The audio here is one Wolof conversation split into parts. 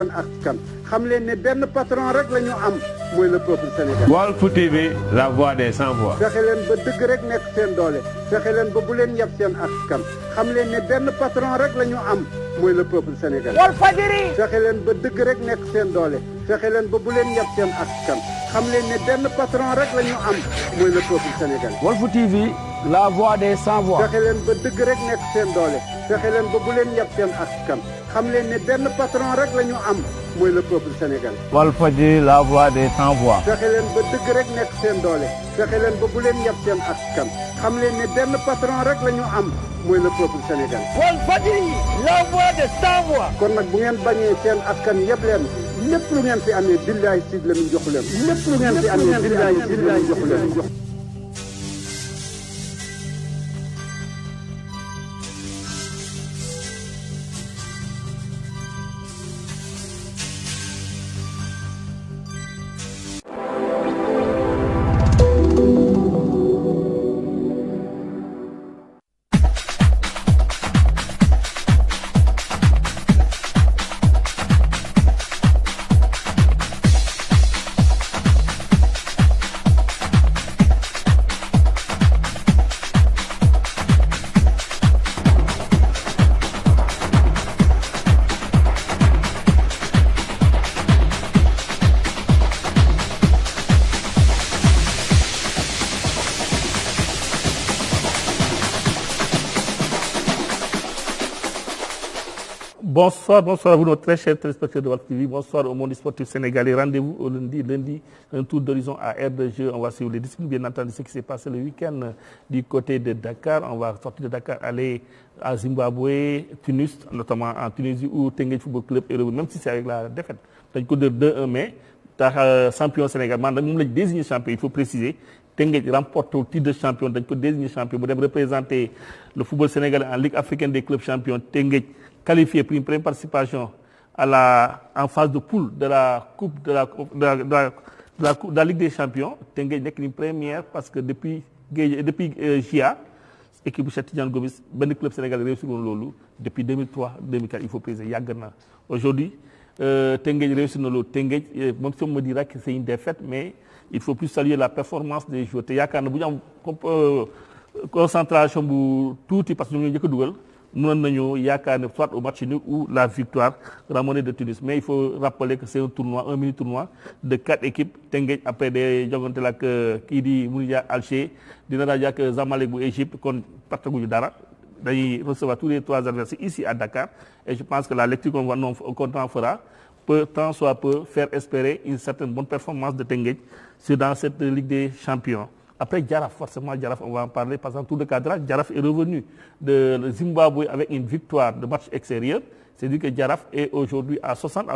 kon askan xam leen ne benn patron rek la ñu am mooy le peuple sénégalais. Walf TV la voix des sans voix. fexe leen ba dëgg rek nekk seen doole fexe leen ba bu leen yab seen askan xam leen ne benn patron rek la ñu am mooy le peuple sénégalais. Walfadjri. fexe leen ba dëgg rek nekk seen doole fexe leen ba bu leen yab seen askan xam leen ne benn patron rek la ñu am mooy le peuple sénégalais. Walf TV la voix des sans voix. fexe leen ba dëgg rek nekk seen doole fexe leen ba bu leen yab seen askan. xam leen ne benn patron rek la ñu am mooy le peuple sénégalais. Walfadjri la voix des sans voix. fexe leen ba dëgg rek nekk seen doole fexe leen ba bu leen yab seen kan xam leen ne denn patron rek lañu am mooy le peuple sénégalais. Walfadjri la voix des sans voix. kon nag bu ngeen bañee seen askan yëpp leen lépp lu ngeen fi amee billaay sid la ñu jox leen. lépp lu ngeen fi amee billaay sid la ñu jox Bonsoir, bonsoir à nos très chers téléspectateurs de Walf TV. Bonsoir au monde sportif sénégalais. rendez au lundi, lundi, un tour d'horizon à air de jeu. On va suivre les disciplines, bien entendu, ce qui s'est passé le week-end du côté de Dakar. On va sortir de Dakar, aller à Zimbabwe, Tunis, notamment en Tunisie, où Tengue Football Club est revenu, si c'est avec la défaite. Dañ ko de 2-1, mais euh, champion Sénégal man moom lañ désigné champion il de champion dañ ko qualifiés pour une première participation à la en phase de poule de la coupe de la de de la, de nekk ni première parce que depuis Guédiawaye depuis JA euh, équipe bu Cheikh Tidiane Gomis benn club sénégalais réussir woon loolu depuis 2003 2004 il faut préciser yàgg na aujourd'hui euh, Teungueth réussir na loolu Teungueth moom si on me dira que c'est une défaite mais il faut plus saluer la performance des joueurs te yaakaar na bu ñu euh, concentration bu tuuti parce que ñoom ñoo njëkk dugal mënoon nañu yaakaar ne soit au match nul ou la victoire ramenée de Tunis mais il faut rappeler que c'est un tournoi un mini tournoi de quatre équipes Teungueth après day jogante la ak euh, di Mouloudia Alger dina daje ak euh, Zamalek bu Égypte kon partaguñu dara dañuy recevoir tous les trois adversaires ici à Dakar et je pense que la lecture qu'on va non qu'on en fera peut tant soit peu faire espérer une certaine bonne performance de Teungueth sur dans cette Ligue des Champions Après Djaraf, forcément Djaraf, on va en parler, par exemple, tour de cadrage, Djaraf est revenu de Zimbabwe avec une victoire de match extérieur. cest dire que Djaraf est aujourd'hui à 60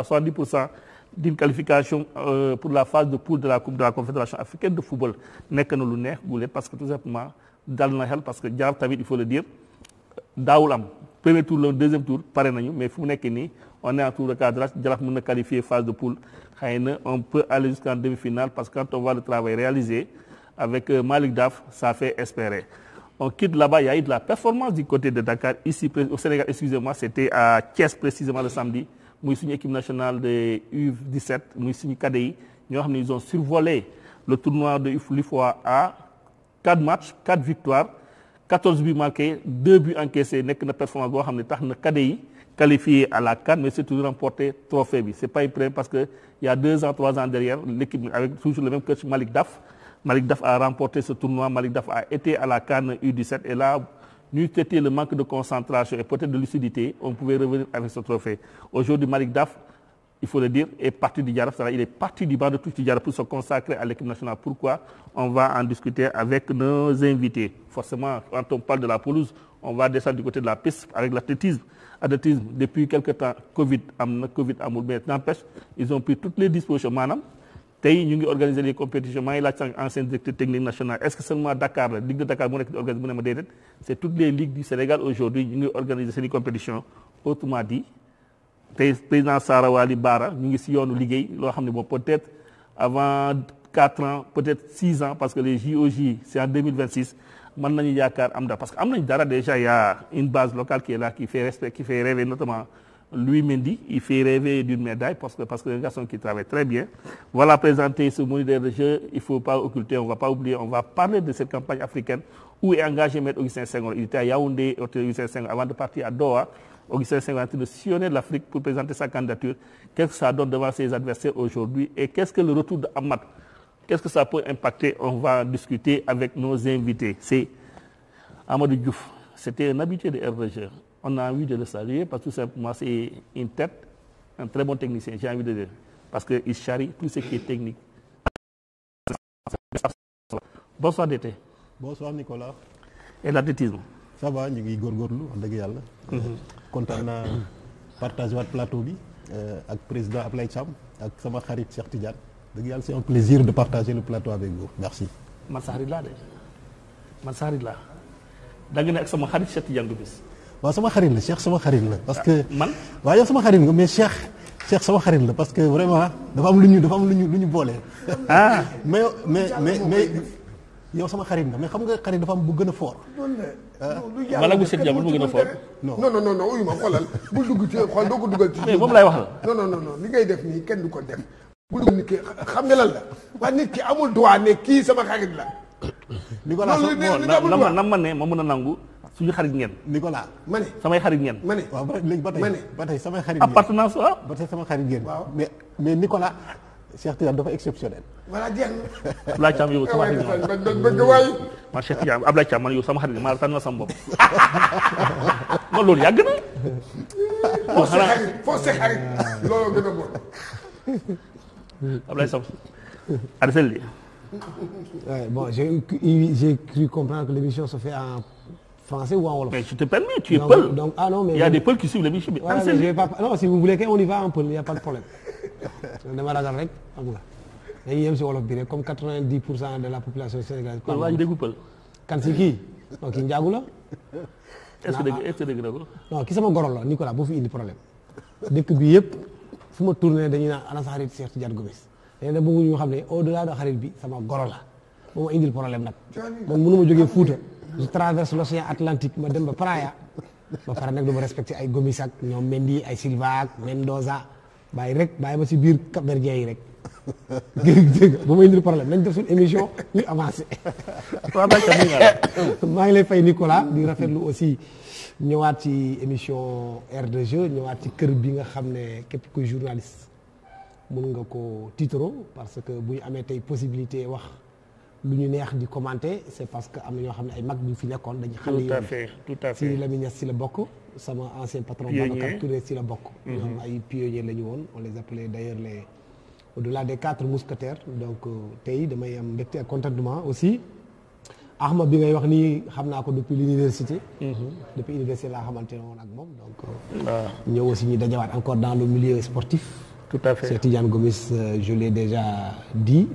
qualification euh, pour la phase de poule de la Coupe de la Confédération africaine de football. Nekk na lu neex guule parce que tout simplement dal na xel parce que Djaraf tamit il faut le dire daawul am premier tour la deuxième tour pare nañu mais fu mu nekk nii on est en tour de cadrage parce que quand avec euh, Malik Daf, ça fait espérer. On quitte là-bas, il y la performance du côté de Dakar. Ici, au Sénégal, excusez-moi, c'était à Thiès précisément le samedi. Nous sommes équipe nationale de U17, nous sommes KDI. Ils ont survolé le tournoi de l'UFOA à 4 matchs, 4 victoires, 14 buts marqués, 2 buts encaissés. Nous avons performance de KDI qualifié à la Cannes, mais c'est toujours remporté trophée. Ce n'est pas une parce que y a 2 ans, 3 ans Malik Daf a remporté ce tournoi, Malik Daf a été à la Cannes U17 et là, n'eût été le manque de concentration et peut-être de lucidité, on pouvait revenir avec ce trophée. Aujourd'hui, Malik Daf, il faut le dire, est parti du Diaraf, il est parti du touche du Diaraf pour se consacrer à l'équipe nationale. Pourquoi On va en discuter avec nos invités. Forcément, quand on parle de la pelouse, on va descendre du côté de la piste avec l'athlétisme. Athlétisme, depuis quelques temps, Covid, Covid, Amour, mais n'empêche, ils ont pris toutes les dispositions. Madame, tey ñu ngi organiser les compétitions maa ngi laaj sànq ancien directeur technique national est-ce que seulement Dakar la de Dakar mu nekk di organiser mu ne ma déedéet c'est toutes les ligues du Sénégal aujourd'hui ñu ngi organiser seen i compétition autrement dit tey président Sarawali Bara ñu ngi si yoonu liggéey loo xam ne boobu peut-être avant quatre ans peut-être six ans parce que les JOJ c'est en deux mille vingt nañu yaakaar am dara parce que am nañ dara déjà il a une base lui Mendy, il fait rêver d'une médaille parce que parce que c'est un garçon qui travaille très bien. Voilà présenter ce modèle de jeu, il faut pas occulter, on va pas oublier, on va parler de cette campagne africaine où est engagé Maître Augustin Senghor. Il était à Yaoundé, avant de partir à Doha. Augustin Senghor est en train de sillonner l'Afrique pour présenter sa candidature. Qu'est-ce que ça donne devant ses adversaires aujourd'hui et qu'est-ce que le retour d'Amad quest on a envie de le saluer parce que technicien, Parce qu'il charrie tout ce qui est technique. Bonsoir Dété. Et l'athlétisme. ça va ñu ngi góorgóorlu wax dëgg yàlla. Mhm. kontaan naa partage waat plateau bi euh, ak président Ablaye Thiam ak sama xarit Cheikh Tidiane. dëgg yàlla c'est un plaisir de partager le plateau avec vous merci. man sa laa de man sa laa da ne ak sama xarit Cheikh Tidiane du bis. waaw sama xarit la Cheikh sama xarit la. parce que ah, man waaw yow sama xarit nga mais Cheikh. Cheikh sama xarit la parce que vraiment dafa am lu ñu dafa am lu ñu lu ñu boole. Ah. mais mais mais mais yow sama xarit nga mais xam nga xarit dafa am bu gën a fort. balaa bu set jàmbur bu a fort. non non non non uyu ma xoolal bul dugg ci xool doo ko dugal ci. moom laay wax la. non non non li ngay def nii kenn du ko def. bul dugg ni la waaye nit ki amul droit ne kii sama xarit la. li ko la na man ne ma mën a nangu. suñu xarit ne. samay xarit ngeen. ma ne waaw ba léegi ba tey. ma ne ba tey samay xarit ngeen appartenance waaw. ba tey samay xarit ngeen. mais mais Nicolas. Cheikh Tidiane dafa exceptionnel. voilà jeex na. Abdoulaye Thiam yow sama xarit nga bëgg waayu. man Cheikh Tidiane Abdoulaye Thiam man loolu yàgg na. foo sa xarit foo sa li. bon j'ai cru comprendre que l'émission se fait en. français ou en wolof. mais tu te permets tu ah a des le bi. non si vous voulez qu'on y va en peul il pas de problème. dama ragal rek xam nga dañuy si wolof bi rek comme 90 pour cent de la population sénégalaise. kan si kii non kii njaagu la. est ce que ki sama goro la Nicolas boo fi indi problème dëkk bi yëpp fu ma tourné dañuy naan ana sa xarit Cheikh Tidiane Gomis léegi nag bëgguñu xam ne au delà de bi sama goro la ba ma indil problème nag man mënu ma jógee Fuuta. je traverse l'océan Atlantique ma dem ba Praia ba pare nag du ma respecté ay Gomis ak ñoom Mendy ay Silva ak Mendoza bàyyi rek bàyyi ma si biir Cap-Verdien yi rek dégg ba may indil problème nañ def suñu émission ñu avancé. maa ngi lay fay Nicolas di rafetlu aussi ñëwaat ci émission aire de ñëwaat ci kër bi nga xam ne képp ku journaliste mun nga ko tiitro parce que bu amee tey possibilité wax. lu ñu neex di commenter c'est parce que am na ñoo xam ne ay mag ñu fi nekkoon dañu xam ne tout à fait tout à fait si Lamine Niass si la bokk sama ancien patron Babacar Touré si la bokk mhm. ay pionniers la ñu woon on les appelait d'ailleurs les au-delà des quatre mousquetaires donc euh, tey damay am mbégte contentement aussi Ahmad bi ngay wax nii xam naa ko depuis l'université mhm. depuis université laa xamante ne woon ak moom donc euh, ah. ñëw aussi ñu dajawaat encore dans le milieu sportif tout à fait Cheikh Tidiane Gomis euh, je l'ai déjà dit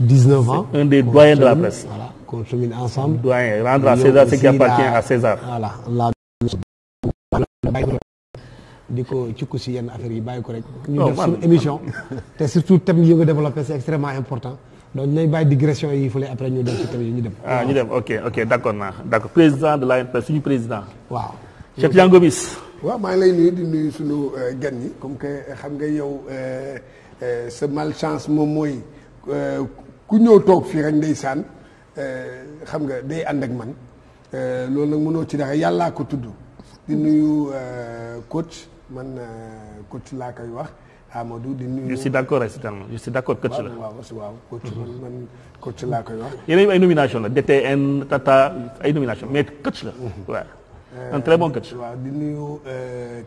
19 ans. un des doyens de la presse. voilà qu'on chemine ensemble. doyen rendre à César ce qui appartient à César. voilà la. yenn affaire yi bàyyi ko rek. Oh, ñu def émission. surtout thème yi nga développé c'est important. donc dinañ bàyyi digression yi ñu dem si thème yi ñu dem. ah ñu dem ok ok d'accord naa d'accord président de l'ANPS suñu président. waaw. Cheikh Tidiane waaw maa lay nuyu di nuyu suñu euh, gan comme que xam nga yow euh, euh, sa malchance moom mooy. ku ñëw toog fii rek ndeysaan euh, xam nga day ànd ak man euh, loolu nag mënoo ci dara yàllaa ko tudd di nuyu euh, coach man coach laa koy wax Amadou di nuyu. je suis d'accord récitement je suis d'accord coach la waaw waaw coach mhm. man laa koy wax. yeneen ay nomination la DTN Tata ay nomination mais coach la waaw. Mhm. un très bon coach. di nuyu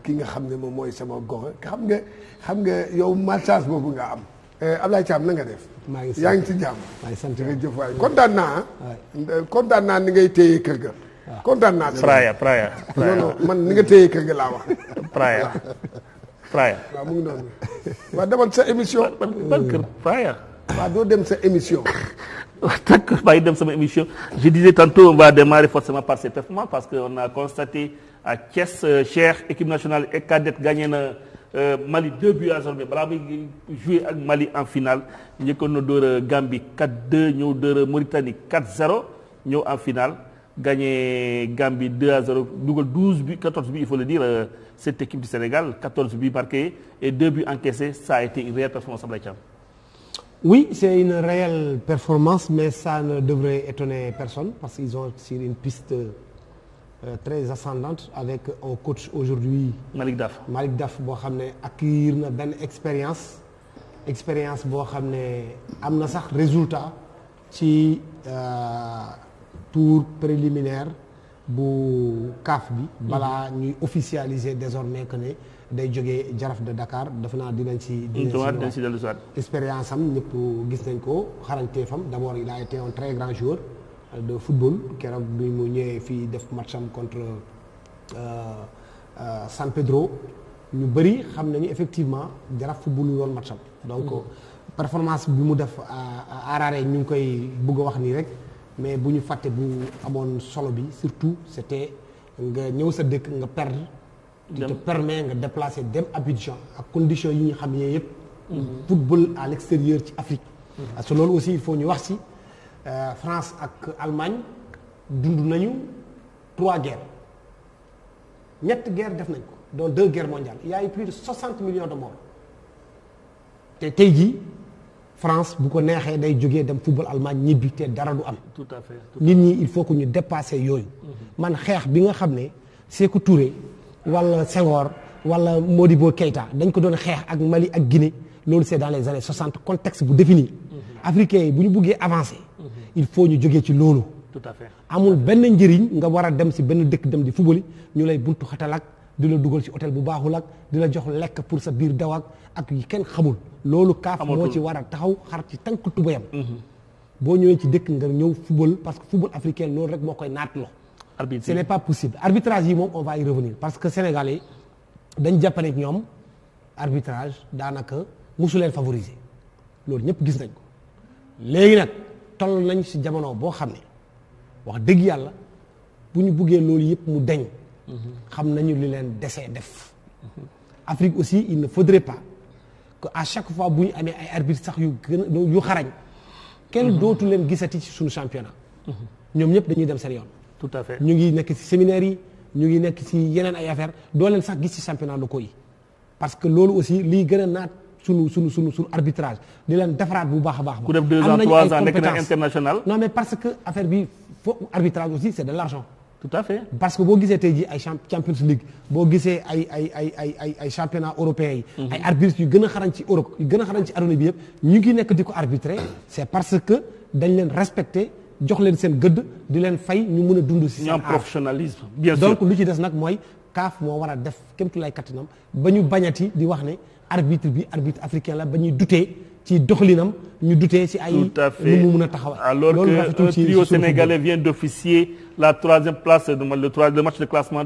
ki nga xam ne moom mooy sama gox xam nga xam nga yow message boobu nga am. Eh, Ablaye Thiam na nga def. maa ngi yaa ngi ci jàmm. maa ngi sant jërëjëf waay kontaan naa eh, kontaan naa ni kër ga. waaw ah. kontaan naa. Praia Praia. man ni nga kër ga laa wax. Praia Praia. waaw demal sa émission. ban kër sa émission. d'accord maa ngi dem émission je disais tantôt on va démarrer parce que on a constaté à Thiès euh, Cheikh équipe nationale et cadette gagné na. Euh, Mali 2 buts à 0 balaa muy joué ak Mali en final njëkkoon na dóor a ñëw dóor a Mauritanie 4 ñëw en finale gagné Gambie 2 à 0 dugal 12 buts 14 buts il faut le dire euh, cette équipe du Sénégal 14 buts marqués et 2 buts encaissés ça a été une réelle performance Ablaye Thiam. Oui, c'est une réelle performance mais ça ne devrait étonner personne parce qu'ils ont sur une piste Euh, très ascendante avec un euh, coach aujourd'hui Malick Daf Malick Daf boo xam ne ak acquérir na benn expérience expérience boo xam ne am na sax résultat ci euh, tour préliminaire bu CAF bi mhm. balaa ñuy officialiser désormais que ne day jógee Jaraaf de Dakar defe naa dinañ ci dinañ ci expérience am ñëpp gis nañ ko xarañteefam d'abord il a été un très grand joueur de football keroog bi mu ñëwee fii def match am contre euh, euh, San Pedro ñu bëri xam nañu effectivement Jaraaf football lu woon match am donc mm-hmm. performance bi mu def à Harare ñu ngi koy bëgg wax nii rek mais bu ñu fàtte bu amoon solo bi surtout c'était nga ñëw sa dëkk nga perdre tu permet nga déplacer dem Abidjan ak conditions yi ñu xam yee yëpp mm-hmm. football à ci Afrique mm-hmm. parce loolu aussi il ñu wax si Euh, France ak Allemagne dund nañu trois guerres ñetti guerre def nañ ko dont deux guerres mondiales il y a eu plus de soixante millions de morts te tey jii France bu ko neexee day jógee dem football Allemagne ñibbi te dara du am. tout à fait nit ñi il faut que ñu dépasser yooyu. Mhm. man xeex bi nga xam ne Sékou Touré walla Senghor wala Modibo Keïta dañ ko doon xeex ak Mali ak Guinée loolu c'est dans les années soixante contexte bu défini. Mhm. africains bu ñu buggee avancer. il faut ñu jógee ci loolu. tout amul benn njëriñ nga war a dem si benn dëkk dem di fubali ñu lay buntu xatal ak di dugal si hôtel bu baaxul ak di la jox lekk pour sa biir daw ak ak yi kenn xamul. loolu kaaf moo ci war a taxaw xar ci tànk tubéyam. Mhm. boo ñëwee ci dëkk nga ñëw fubal parce que fubal africain loolu rek moo koy naat arbitre ce n'est pas possible arbitrage yi moom on va parce que sénégalais dañ jàpp ñoom arbitrage daanaka mosu leen favoriser loolu ñëpp gis nañ ko léegi nag. toll nañ si jamono boo xam ne wax dëgg yàlla bu ñu buggee loolu yëpp mu deñ xam nañu li leen desee def Afrique aussi il ne faudrait pas que à chaque fois bu ñu amee ay arbitre sax yu gën yu xarañ kenn mhm. dootu leen gisati ci suñu championnat mhm. ñoom ñëpp dañuy dem seen yoon tout ñu ngi nekk si séminaire yi ñu ngi nekk si yeneen ay affaire doo leen sax gis si championnat locaux yi parce que loolu aussi liy gën a naat sunu sunu sunu sunu arbitrage di leen defaraat bu baax a baax. ku def deux ans trois ans mais parce que affaire bi fo arbitrage aussi c'est de l'argent. tout à fait parce que boo gisee tey jii ay gisee ay ay ay ay ay ay championnat européen yi. Mhm. ay arbitres yu gën a xarañ ci Europe yu gën a xarañ ci adduna bi yëpp ñu ngi nekk di ko arbitrer c'est parce que dañ leen respecter jox leen seen gëdd di leen fay ñu mun a dund. ci seen am professionnalisme donc lu ci des nag mooy kaaf moo war a def kéem tolluwaay kattanam ba ñu bañati di wax ne. arbitre bi arbitre africain la ba ñuy dutee ci doxalinam ñu dutee ci ay. lu mu mun a taxawal. alors que un trio sénégalais vient d'officier la troisième place le troisième match de classement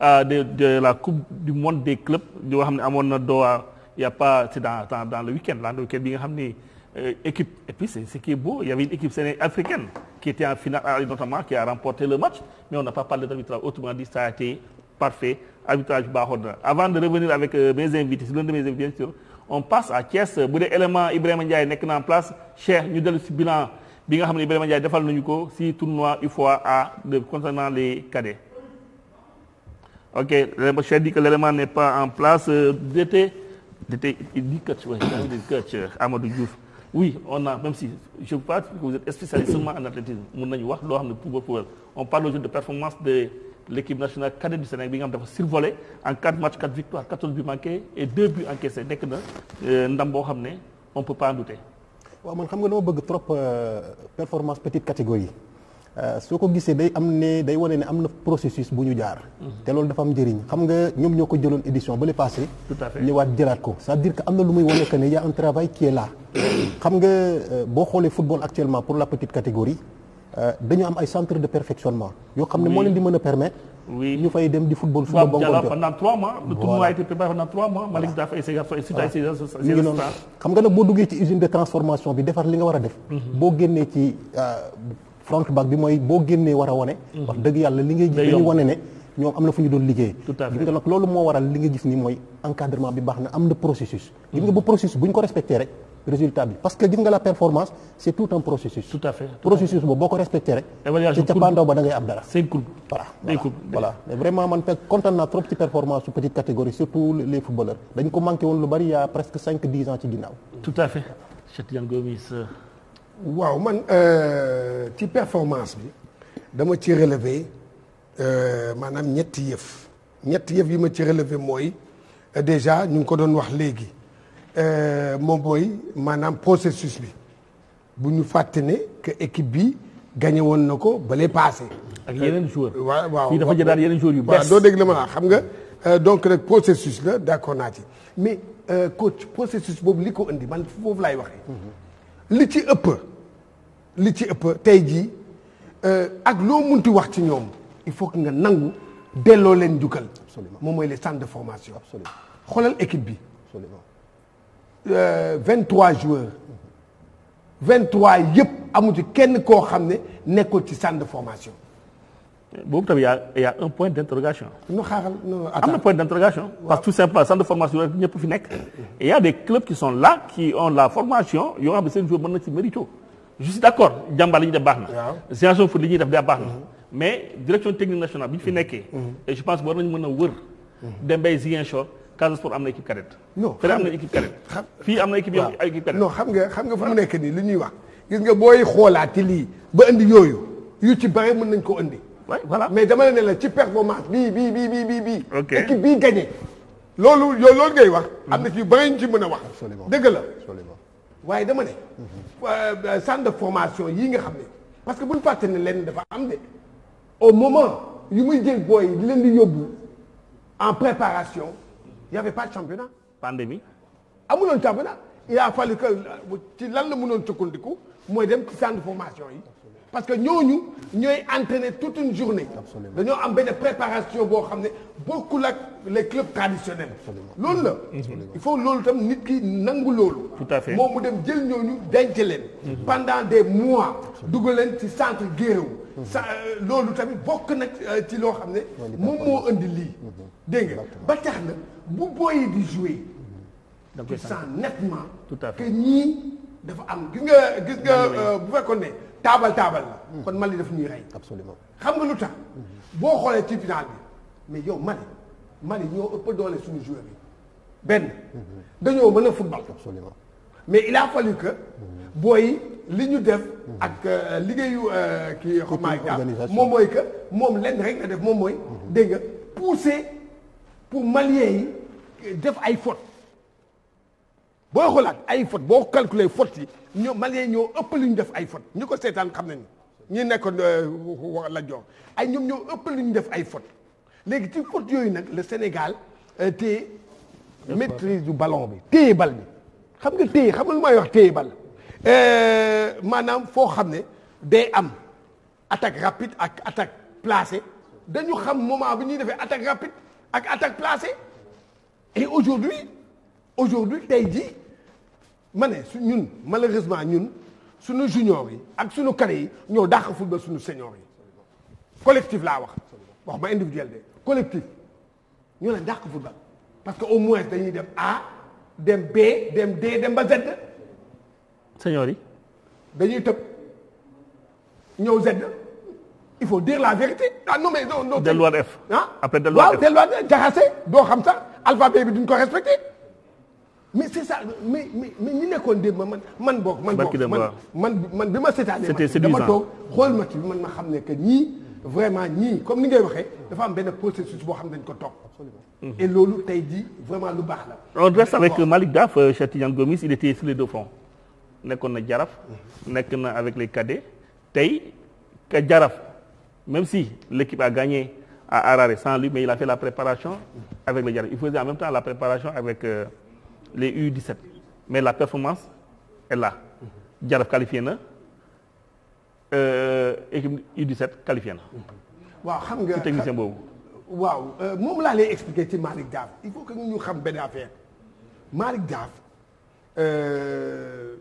ah, de la coupe du monde des clubs yoo xam ne amoon na Doha y a pas c'est dans dans dans le week-end là bi nga xam ne euh, équipe et puis ce qui est beau il africaine qui était en finale notamment qui a remporté le match mais on n'a pas parlé d'arbitrage autrement dit ça parfait. arbitrage bi na avant de revenir avec euh, mes invités si l'un de mes invités bien on passe à Thiès bu élément Ibrahima Ndiaye nekk na en place Cheikh ñu dellu si bilan bi nga xam ne Ibrahima Ndiaye defal nañu ko si tournoi UFOA A de concernant les cadets ok l'élément Cheikh dit pas en place DT DT il dit coach oui dit coach Amadou Diouf oui on a même si je pense que en athlétisme mun nañu wax loo xam ne pour pour on parle aujourd'hui de performance l'équipe nationale cadette du Sénégal bi nga xam dafa survolé en 4 matchs 4 victoires 14 buts manqués et 2 buts encaissés nekk na euh, ndam boo xam ne on peut pas en douter. waaw man xam nga dama bëgg trop euh, performance petite catégorie euh, soo ko gisee day am ne day wone ne am na processus bu ñu jaar. Mhm. te lool dafa am njëriñ xam nga ñoom ñoo ko jëloon édition ba le passé. tout à fait ñëwaat jëlaat ko c'est-à-dire que am na lu muy wane que ne y a travail qui est xam nga boo xoolee football actuellement pour la petite catégorie. Euh, dañu am ay centre de perfectionnement yoo xam ne moo leen di mën a permettre ñu fay dem di football suba ba ngoon jot xam nga nag boo duggee ci usine de transformation bi defar li nga war a def mhm. boo génnee ci euh, front back bi mooy boo génnee war a wane mhm. wax dëgg yàlla li ngay gis dañuy wane ne ñoom am na fu ñu doon liggéeyee loolu moo waral li nga gis ni mooy encadrement bi baax na am na processus gis bu processus bu ñu ko respecté rek résultat bi parce que gis nga la performance c' est tout un processus. tout à fait processus boobu boo ko respecté rek. évaluation ci cappaandaw ba da ngay am dara. man fekk kontaan naa trop ci performance su petite catégorie surtout les footballeurs dañ ko manqué woon a presque cinq dix ans ci ginnaaw. tout euh, waaw man euh, ci performance bi dama ci relever euh, maanaam ñetti yëf ñetti yëf yi ma ci relever mooy déjà ñu ngi ko doon wax léegi. Euh, moom mooy maanaam processus bi bu ñu fàtte ne que équipe bi gagné na ko balee passé. ak yeneen joueur euh, waaw waaw fii dafa jëlaat yeneen joueur yu bees doo dégg la ma la xam nga euh, donc rek processus la d'accord naa ci mais coach processus boobu li ko indi man foofu laay waxee. Mhm. li ci ëpp li ci ëpp tey jii ak loo mun ti wax ci ñoom il faut que nga nangu delloo leen jukkal. moom mooy les centres de formation. absolument xoolal équipe bi. absolument 23 euh, joueurs 23 yëpp amu ci kenn koo xam ne nekkul ci centre de formation. boobu tamit y' a y' a un point d' interrogation. ñu am na point d' interrogation. parce que tout simplement centre de formation ñëpp fi nekk. y' a des clubs la formation yoo xam ne seen joueur mën na ci mérito. je suis d' accord jàmbaar li baax na. waaw séance foot li ñuy def daa baax na. Mm-hmm. mais direction technique nationale bi ñu fi nekkee. Mm-hmm. et je pense war nañu mën a wër. Mm-hmm. dem bay Ziguinchor. Casa Sport am na équipe cadette. non fële am na équipe xam fii am na équipe yow ay équipe xam nga xam nga fu mu nekk nii li ñuy wax gis nga booy xoolaati lii ba indi yooyu yu ci bare mën nañ ko indi. voilà mais dama ne la ci performance bii bii bii bii bii bii. ok équipe bii gagné. loolu yow loolu ngay wax. am na ci yu bare ñu ci mën a wax. dëgg la waaye dama ne. Euh, centre de formation yii nga xam ne parce que buñu fàtte ne lenn dafa am de au moman yu muy jël booy yi leen di yóbbu en préparation. il y avait pas de championnat. pandémie. amuloon championnat il a fallu que ci lan la mënoon sukkandiku mooy dem ci centre formation yi. parce que ñooñu ñooy entraîner toute une journée. dañoo am benn préparation boo xam ne bokkul ak les clubs traditionnels. loolu la. il faut loolu tam nit ki nangu loolu. tout à fait moom mu dem jël ñooñu denc leen. pendant des mois. dugal leen ci centre Guéréo. Mmh. sa euh, loolu tamit bokk nag euh, ci loo xam ne. moom moo indi lii. Mmh. dégg nga ba tax na. bu booy di jouer. da koy sens nettement. tout à fait ñii dafa am gis nga gis nga euh, bu fekkoon ne taabal taabal la. Hmm. kon Mali daf ñuy rey. absolument xam nga lu tax. Hmm. boo xoolee ci final bi mais yow Mali yi ñoo ëpp doole suñu joueur yi benn. Hmm. dañoo mën a football. absolument mais il a fallu que. booy li ñu def. ak euh, liggéeyu euh, kii xamaay daal moom mooy que moom lenn rek na def moom mooy. dégg nga pousser pour malien yi. def ay faute boo xoolaat ay faute boo calculer faute yi ñoo malien ñoo ëpp lu ñu def ay faute ñu ko seetaan xam nañu ñi nekkoon euh, la jox ay ñoom ñoo ëpp lu ñu def ay faute léegi ci faute yooyu nag le Sénégal euh, te maîtrise du ballon bi téye bal bi xam nga téye xam nga lu may wax téye bal euh, maanaam foo xam ne day am attaque rapide ak attaque placée dañu xam moment bi ñuy defee attaque rapide ak attaque placée et aujourd'hui aujourd'hui tey ji ma ne su ñun malheureusement ñun suñu junior yi ak suñu cadre yi ñoo dàq football suñu senior yi collectif laa wax wax ma individuel de collectif ñoo leen dàq football parce que au moins dañuy dem A dem B dem D dem ba Z. senior yi. dañuy tëb ñëw Z. il faut dire la vérité ah non ah jaxase doo xam alphabet bi duñ ko respecté mais c'est ça mais mais ñi nekkoon démb man man boog. man boog man man man bi ma seetaanee. dama toog xool ma bi man ma xam ne que ñii. vraiment ñii comme ni ngay waxee dafa am benn processus boo xam ne dañ ko topp. et loolu tey jii vraiment lu baax la. on reste avec Malick Daf euh, Cheikh Tidiane Gomis il était sur les deux fronts nekkoon na Jaraf. nekk na avec le cadets tey ka Jaraf même si l'équipe a gagné. à Harare sans lui, mais il a fait la préparation avec le Djaraaf. Il faisait en même temps la préparation avec euh, les U17. Mais la performance est là. Djaraaf qualifié na euh, équipe U17 qualifié na. waaw xam nga technicien boobu. waaw euh, moom laa lay expliquer ci Malick Daaf il faut que ñu xam benn affaire Malick Daaf euh,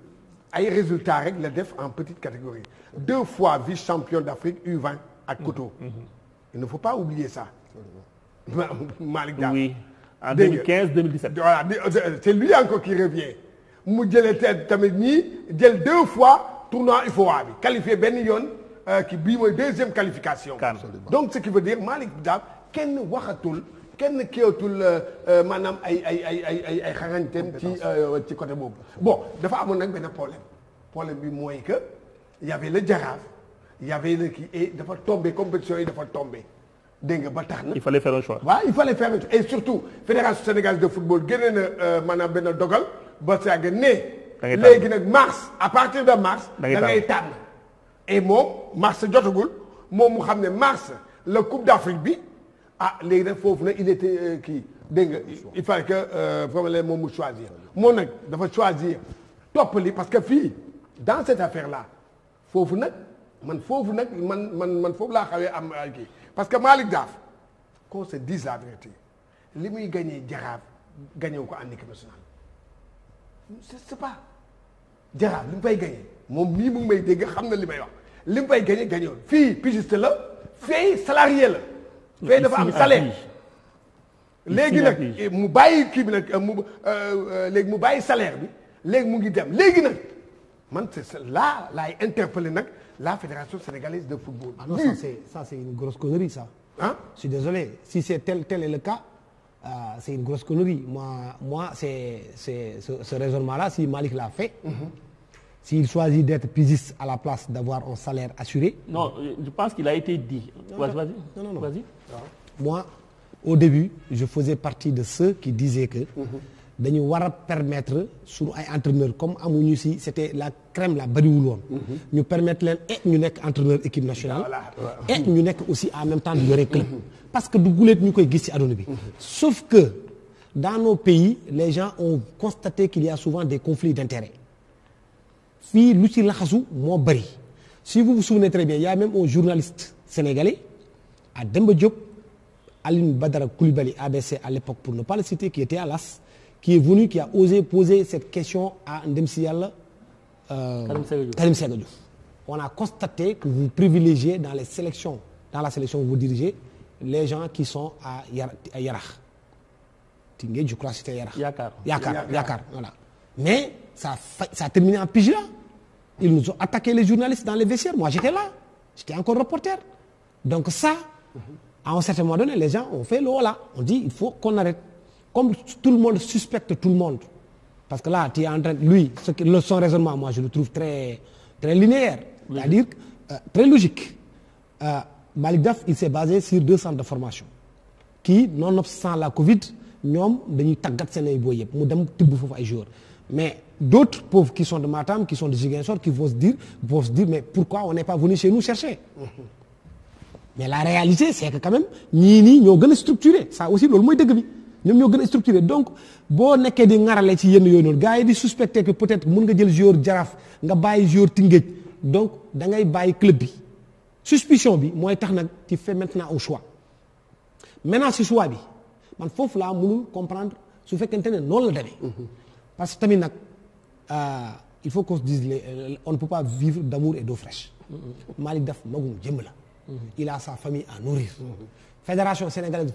ay résultats rek la def en petite catégorie deux fois vice champion d'Afrique u ak Koto. Mm-hmm. il ne faut pas oublier ça. Malick Diallo oui en 2015 2017. voilà euh, c'est lui encore qui revient mu jëlee tête tamit ñii jël deux fois tournoi UFOA bi qualifié benn yoon euh, ki bii mooy deuxième qualification. donc ce qui veut dire Malick Diallo kenn waxatul kenn kiiwatul euh, maanaam ay ay ay ay ay ay xarañteem ci ci côté boobu. bon dafa amoon nag benn problème problème bi mooy que y avait le Jaraaf. yaa y avait le kii dafa tombé compétition yi dafa tombé dégg nga ba tax na. il fallait faire un choix. waaw il fallait faire un choix et surtout fédération sénégalaise de football génne na euh, maanaam benn dogal ba saa àgg ne. da léegi nag mars à partir de mars. da ngay tànn et moom mars jotagul moom mu xam ne mars la coupe d'Afrique bi ah léegi nag foofu nag il était euh, kii dégg nga il fallait que vraiment euh, moom mu choisir moo nag dafa choisir topp li parce que fii dans cette affaire la foofu nag. man foofu nag man man man foofu laa xawee am ay euh, kii parce que Malick Daaf qu'on se dise la vérité li muy gagné Jaraaf gagné wu ko en équipe nationale c'est pas Jaraaf li mu fay gagné moom mii mu ngi may dégg xam na li may wax li mu fay gagné gagné fii pigiste la fii salarié la. fii dafa am salaire. léegi nag mu bàyyi kii bi nag mu euh, euh, léegi mu bàyyi salaire bi léegi mu ngi dem léegi nag man c'est là laay interpellé nag. la Fédération sénégalaise de football. Ah non, ça c'est ça c'est une grosse connerie ça. Hein? Je suis désolé, si c'est tel tel est le cas euh, c'est une grosse connerie. Moi moi c'est c'est ce, ce raisonnement-là si Malick l'a fait. Mm -hmm. S'il choisit d'être pigiste à la place d'avoir un salaire assuré. Non, je pense qu'il a été dit. Vas-y, vas-y. Non non non. Vas-y. Ah. Moi au début, je faisais partie de ceux qui disaient que mm -hmm. dañu war a permettre suñu ay entraîneur comme amuñu si c'était la crème la bariwul woon. Mhm. ñu permettre leen et ñu nekk entraîneur équipe nationale. et ñu nekk aussi en même temps di yore club. Mhm. parce que du guleet ñu koy gis ci àdduna bi. Mhm. sauf que dans nos pays les gens ont constaté qu'il y a souvent des conflits d'intérêts fii lu ci laxasu moo bari si vous vous souvenez très bien il y a même un journaliste sénégalais à Demba Diop Aline Badara Koulibaly ABC à l'époque pour ne pas le citer l'AS qui est venu qui a osé poser cette question à ndem si yàlla. Euh, Karim Séga Diouf on a constaté que vous privilégiez dans les sélections dans la sélection vous dirigez les gens ki sont à Yara à Yarax. Tingé je crois c'était Yarax. mais ça ça en pige là. ils nous ont les journalistes dans les vestiaires moi j'étais là j'étais encore reporter donc ça. à certain moment donné les gens ont fait le holà on dit il faut qu'on comme tout le monde suspecte tout le monde parce que là tu es en train lui ce que, le son raisonnement moi je le trouve très très linéaire oui. cest à euh, euh, Daf il s'est basé sur deux centres de formation qui nonobstant la Covid ñoom dañuy tàggat seen ay booy yëpp mu dem tibb foofu ay joueurs mais d'autres pauvres qui sont de Matam qui sont de Ziguinchor qui vont se dire vont se dire mais pourquoi on n'est pas venu chez chercher mais la réalité c'est que quand même ñii ñoo gën a structuré aussi loolu mooy ñoom ñoo gën a structuré donc boo nekkee di ŋarale ci yenn yooyu noonu gars yi di suspecté que peut-être mun nga jël joueur jaraaf nga bàyyi joueur Tingéej donc da ngay bàyyi club bi suspicion bi mooy tax nag ci fait maintenant au choix maintenant si choix bi man foofu laa mënul comprendre su fekkente ne noonu la demee. parce que tamit nag euh, il faut qu'on se dise euh, on ne peut pas vivre d'amour et d'eau fraîche. Malick Daf magum jëm la. il a sa famille à nourrir. fédération sénégalaise de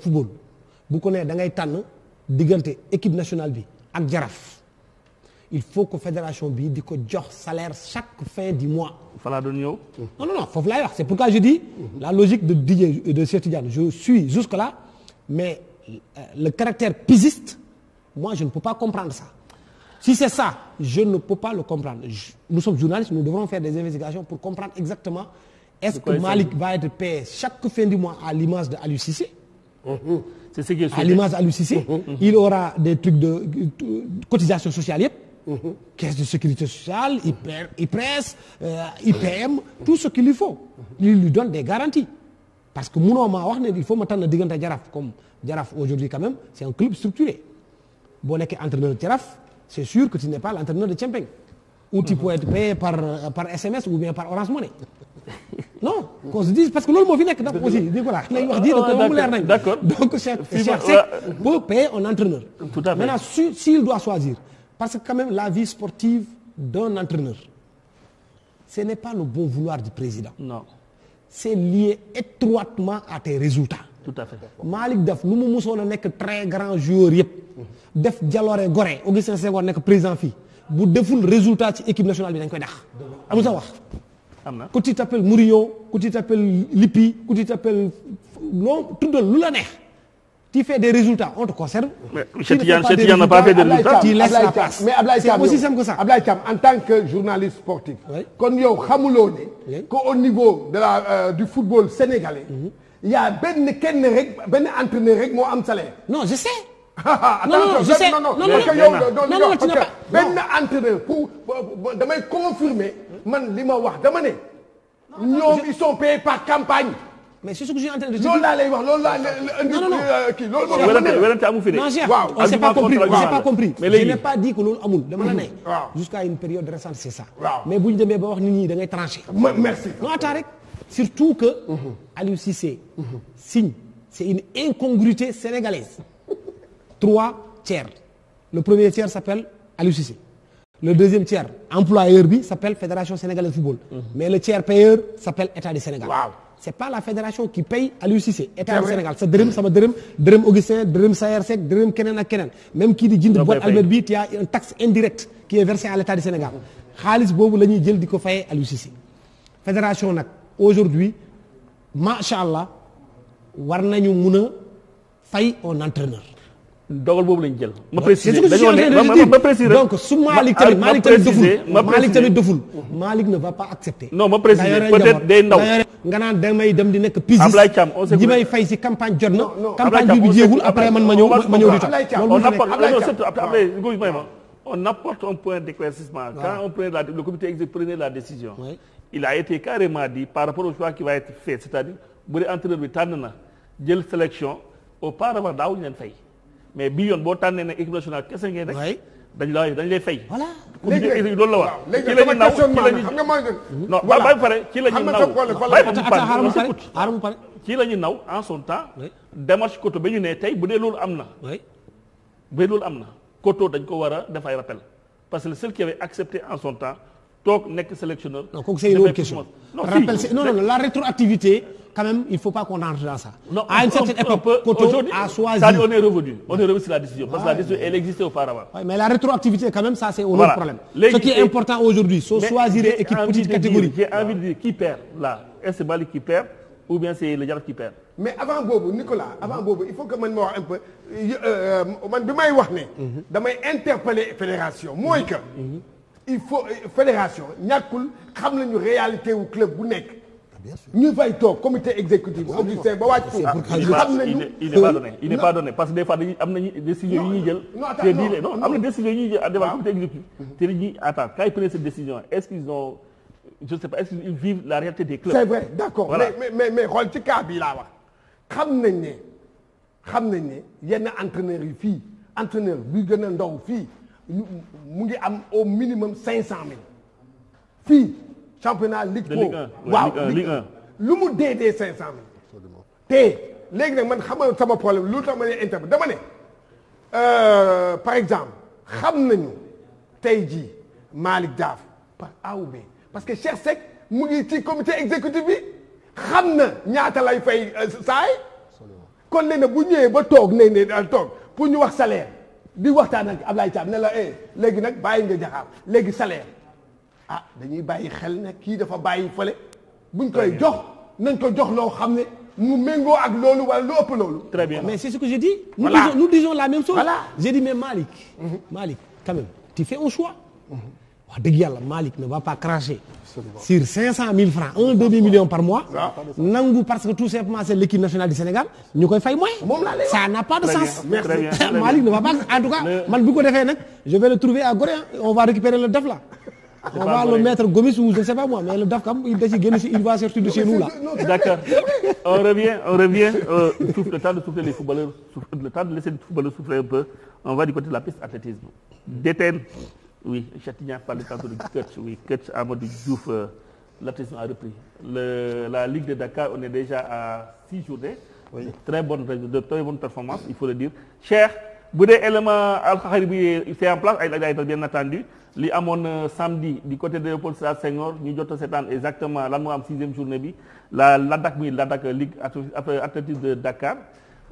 bu ko nee da ngay tànn diggante équipe nationale bi ak jaraaf il faut que fédération bi di ko jox salaire chaque fin du mois. fa laa doon ñëw. non non non foofu laay wax c'est pourquoi je dis. la logique de Didier de Cheikh Tidiane je suis jusque là mais euh, le caractère pisiste moi je ne peux pas comprendre ça. si c'est ça je ne peux pas le comprendre nous sommes journalistes nous devrons faire des investigations pour comprendre exactement. est-ce que Malick va être payé chaque à l'image de Aliou c'est ce qui est sûr à l'image mm-hmm, mm-hmm. il aura des trucs de cotisation sociale yëpp. Mm-hmm. caisse de sécurité sociale IPR IPRES IPM tout ce qu'il faut. lui donne des garanties. parce que munoo maa wax ne il faut ma tànn diggante Jaraaf comme Jaraaf aujourd'hui quand même c'est un club structuré boo nekkee entraîneur Jaraaf c'est sûr que tu n'es pas de Champagne. ou tu peux être par par SMS ou bien par Orange Money. non qu'on se parce que loolu moo fi nekk ndax aussi di voilà nañ wax ji da mu leer nañ donc Cheikh Cheikh payer un entraîneur tout à fait maintenant doit choisir parce que quand même la vie sportive d'un entraîneur ce n'est pas le bon vouloir du président non c'est lié étroitement à tes résultats tout à fait Malick Daf lu mu musoon a nekk très grand joueur yëpp def jaloore Gorée Augustin Senghor nekk président fii bu deful résultat ci équipe nationale bi dañ koy dax amul sax wax am na ku ci t'appelle Mourinho ku ci t'appelle Lippi ku ci t'appelle loo tuddal lu la neex. tu fais des résultats on te conserve. mais Cheikh Tidiane Cheikh Tidiane n'a pas fait de résultats. tu laisses la mais Ablaye Thiam en tant que journaliste sportif. kon yow xamuloo ne. qu'au niveau de la euh, du football sénégalais. Mhm. y a benn kenn rek benn entraîneur rek moo am salaire. non je sais. non non je sais non non parce que yow non non parce que benn entraîneur pour euh, damay confirmer man li ma wax dama ne. ñoom ils sont payés par campagne. mais c'est ce que je suis en train de dire. loolu laa lay wax loolu laa indi euh, kii loolu moom mën na wérante amu fi de. non Cheikh on s'est pas compris on s'est pas compris. mais léegi je n'ai pas dit que loolu amul dama la ne. waaw jusqu'à une période récente c'est ça. waaw mais bu ñu demee ba wax nit ñi da ngay tranché. merci. non attends rek surtout que. Mhm. Aliou Cissé. signe c'est une incongruité sénégalaise. trois tiers le premier tiers s'appelle Aliou Cissé le deuxième tiers employeur bi s'appelle fédération sénégalaise de football. Mhm. mais le tiers payeur s'appelle état du Sénégal. waaw c'est pas la fédération qui paye Aliou Cissé. état du Sénégal sa dërëm sama dërëm dërëm Augustin dërëm Sayer Seck dërëm keneen ak keneen. même kii di jënd bon Albert bi y a un taxe indirecte qui est versée xaalis boobu la ñuy jël di ko fayee Aliou fédération nag aujourd'hui macha allah war nañu mun a fay un entraîneur. dogal boobu la jël. ma préciser ma préciser donc su Malick tamit ah, Malick tamit doful Malick tamit doful Malick ne va pas accepter. non ma préciser peut-être day ndaw. nga naan damay dem di nekk piste. ji may fay si campagne jot na. campagne bi bi jéegul après man ma ñëw ma on apporte un point d'éclaircissement. quand on prend la le la a été carrément dit par rapport au choix qui va être fait c'est-à-dire bu dee entraîneur bi tànn na jël sélection auparavant daawuñu leen fay. mais bii yoon boo tànnee ne équipe nationale kese ngeen rek. dañ la dañ lay fay. voilà loolu la wax. ci la ñu naw ci la ba mu pare ci la naw en son temps. démarche Koto ba ñu ne tey bu dee loolu am na. bu dee loolu am na Koto dañ ko war a def ay rappel parce que le seul qui avait accepté en son temps toog nekk sélectionneur. non kooku c'est une question. non si la rétroactivité. quand il faut pas qu'on entre dans à une certaine époque Koto a choisi. ça on est revenu mais la rétroactivité quand même ça c'est un autre problème. ce qui est important aujourd'hui soo choisir équipe petite catégorie. qui perd là est-ce que qui perd ou bien c'est le Jaraaf qui perd. mais avant boobu Nicolas avant boobu il faut que man ma wax peu euh, man bi may wax ne. damay interpeller fédération mooy que. il faut euh, fédération ñàkkul xam nañu réalité wu club bu nekk. ñu fay toog comité exécutif augustin ba wàcc pour xam nañu il n'est pas il n'est pas donné parce que des fois dañuy am nañu décision yu ñuy jël te dii non am na décision yu ñuy jël devant comité exécutif te dañuy attends quand ils prennent cette décision est-ce qu'ils ont je la réalité des clubs c'est vrai d'accord mais mais mais xool ci cas bii laa wax xam nañ ne xam nañ ne yenn entraîneurs yi fii entraîneur bi gën ndaw fii mu ngi am au minimum cinq cent mille championnat Ligue pro waaw Ligue 1 lu mu dee dee 500000. te léegi nag man xamal sama problème lu tax ma ne inter dama ne euh, par exemple xam nañu tey jii Malick Daaf par A ou B parce que Cheikh sec mu ngi ci comité exécutif bi xam na ñaata lay fay euh, saay kon nee na bu ñëwee ba toog nee ne toog pour ñu wax salaire di waxtaan ak Ablaye Thiam ne la eh, léegi nag bàyyi nga jaxaar léegi salaire. ah dañuy bàyyi xel ne kii dafa bàyyi fële buñ koy jox nañ ko jox loo xam ne mu méngoo ak loolu wala lu ëpp loolu. mais c'est ce que j'ai dit. nous disons la même chose. voilà j'ai dit mais Malick. Mm -hmm. Malick quand un choix. Mhm. wax dëgg yàlla ne va pas cracher. sur 500 000 francs un demi million par mois. nangu parce que tout simplement c'est l'équipe nationale du Sénégal ñu koy fay moyen. moom n'a pas de sens. Malick ne va pas en tout cas man bu ko defee nag je vais le trouver on va ou je ne sais pas moi mais le Daf Kam il da ci génn si il va de chez nous là. revient on revient euh, souffle le de souffler les footballeurs souffle le de laisser les footballeurs souffler un peu on du côté la piste athlétisme. DTN oui Chatignac parlait tantôt de coach oui coach Amadou euh, l'athlétisme a repris la Ligue de Dakar on est déjà à six journées. très bonne de très bonne performance il faut le dire. Cheikh bu élément Al Khahri bi c'est en place ay ay li amoon euh, samedi di côté de Léopold Sédar Senghor ñu jot a seetaan exactement lan moo am sixième journée bi la l'ADAC muy l'ADAC Ligue athlétique de Dakar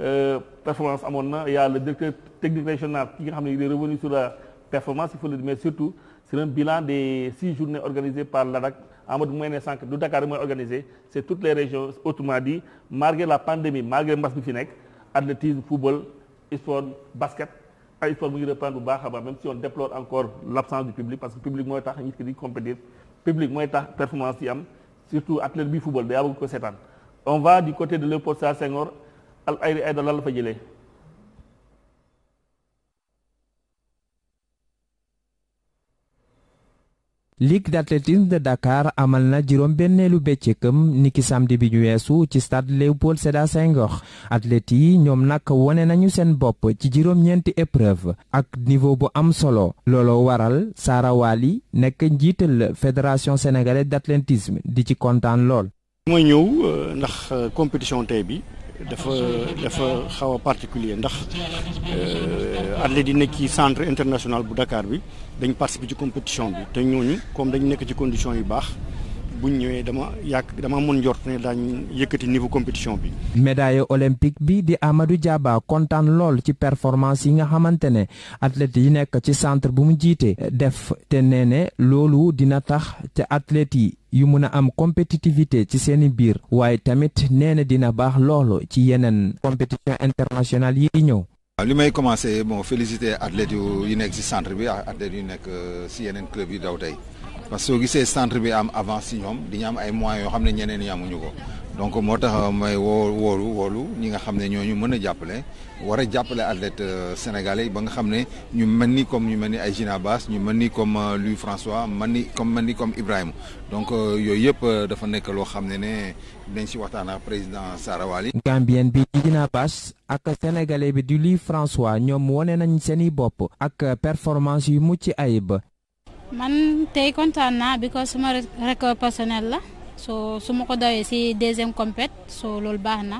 euh, performance amoon na y a le directeur technique régional ki nga xam ne il est revenu sur la performance il faut le dire mais surtout c'est un bilan des six journées organisées par l'ADAC Amadou mooy ne sànq du Dakar mooy organisé c'est toutes les régions autrement dit malgré la pandémie malgré mbas bi fi nekk athlétisme football sport basket ay sport mu ngi reprendre bu baax a baax même si on déplore encore l'absence du public parce que public mooy tax nit ki di compétir public mooy tax performance yi am surtout athlète bi football day bëgg ko seetaan on va du côté de Léopold Sédar Senghor Al Aïri Aïdara lan la fa jëlee ligue d'athlétisme de Dakar amal na juróom benneelu bëccëgam niki samedi bi ñu weesu ci stade Léopold Sédar Senghor athlètes yi ñoom nag wone nañu seen bopp ci juróom-ñeenti épreuve ak niveau bu am solo looloo waral Sara Wali nekk njiital fédération sénégalaise d'athlétisme di ci kontaan lool. ma ñëw euh, ndax euh, compétition tey bi. dafa dafa xaw a particulier ndax euh, athlètes yi nekk ci centre international bu Dakar bi dañ participer ci compétition bi te ñooñu comme dañu nekk ci condition yu baax buñ ñëwee dama yàq dama mën njort ne daañ yëkkati niveau compétition bi médaille olympique bi di Amadou Diaba kontaan lool ci performance yi nga xamante ne athlètes yi nekk ci centre bu mu jiite def te nee ne loolu dina tax te athlètes yi yu mun a am compétitivité ci seeni biir waaye tamit nee na dina baax loolu ci yeneen compétition internationale yi ñëw waaw li may commencé bon féliciter athlètes yu yu nekk si centre bi athlètes yu nekk si euh, yeneen club yu daw tey parce que soo gisee centre bi am avance si ñoom di ñu am ay moyens yoo xam ne ñeneen ñi amuñu ko donc moo tax euh, may woo woolu woolu ñi nga xam ne ñoo ñu mën a jàppale war a jàppale athlète euh, sénégalais ba nga xam ne ñu mel ni comme ñu mel ni ay Gina Bass ñu mel ni comme euh, Louis François mel ni comme mel ni comme Ibrahima donc yooyu yëpp dafa nekk loo xam ne ne nañ si waxtaan a président Sarawali. Gambien bi Gina Bass ak sénégalais bi di Louis François ñoom wone nañ seeni bopp ak performance yu mucc ba man tey kontaan naa because suma rek personnel la so su ma ko dawee si deuxième compét so loolu baax na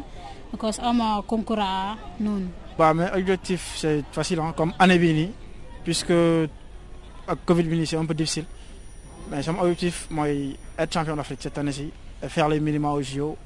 because ama concours noonu. waaw mais objectif c'est facile comme année bii puisque Covid bi nii c'est un peu difficile mais sama objectif mooy être champion d'Afrique cette année-ci faire les minima aux JO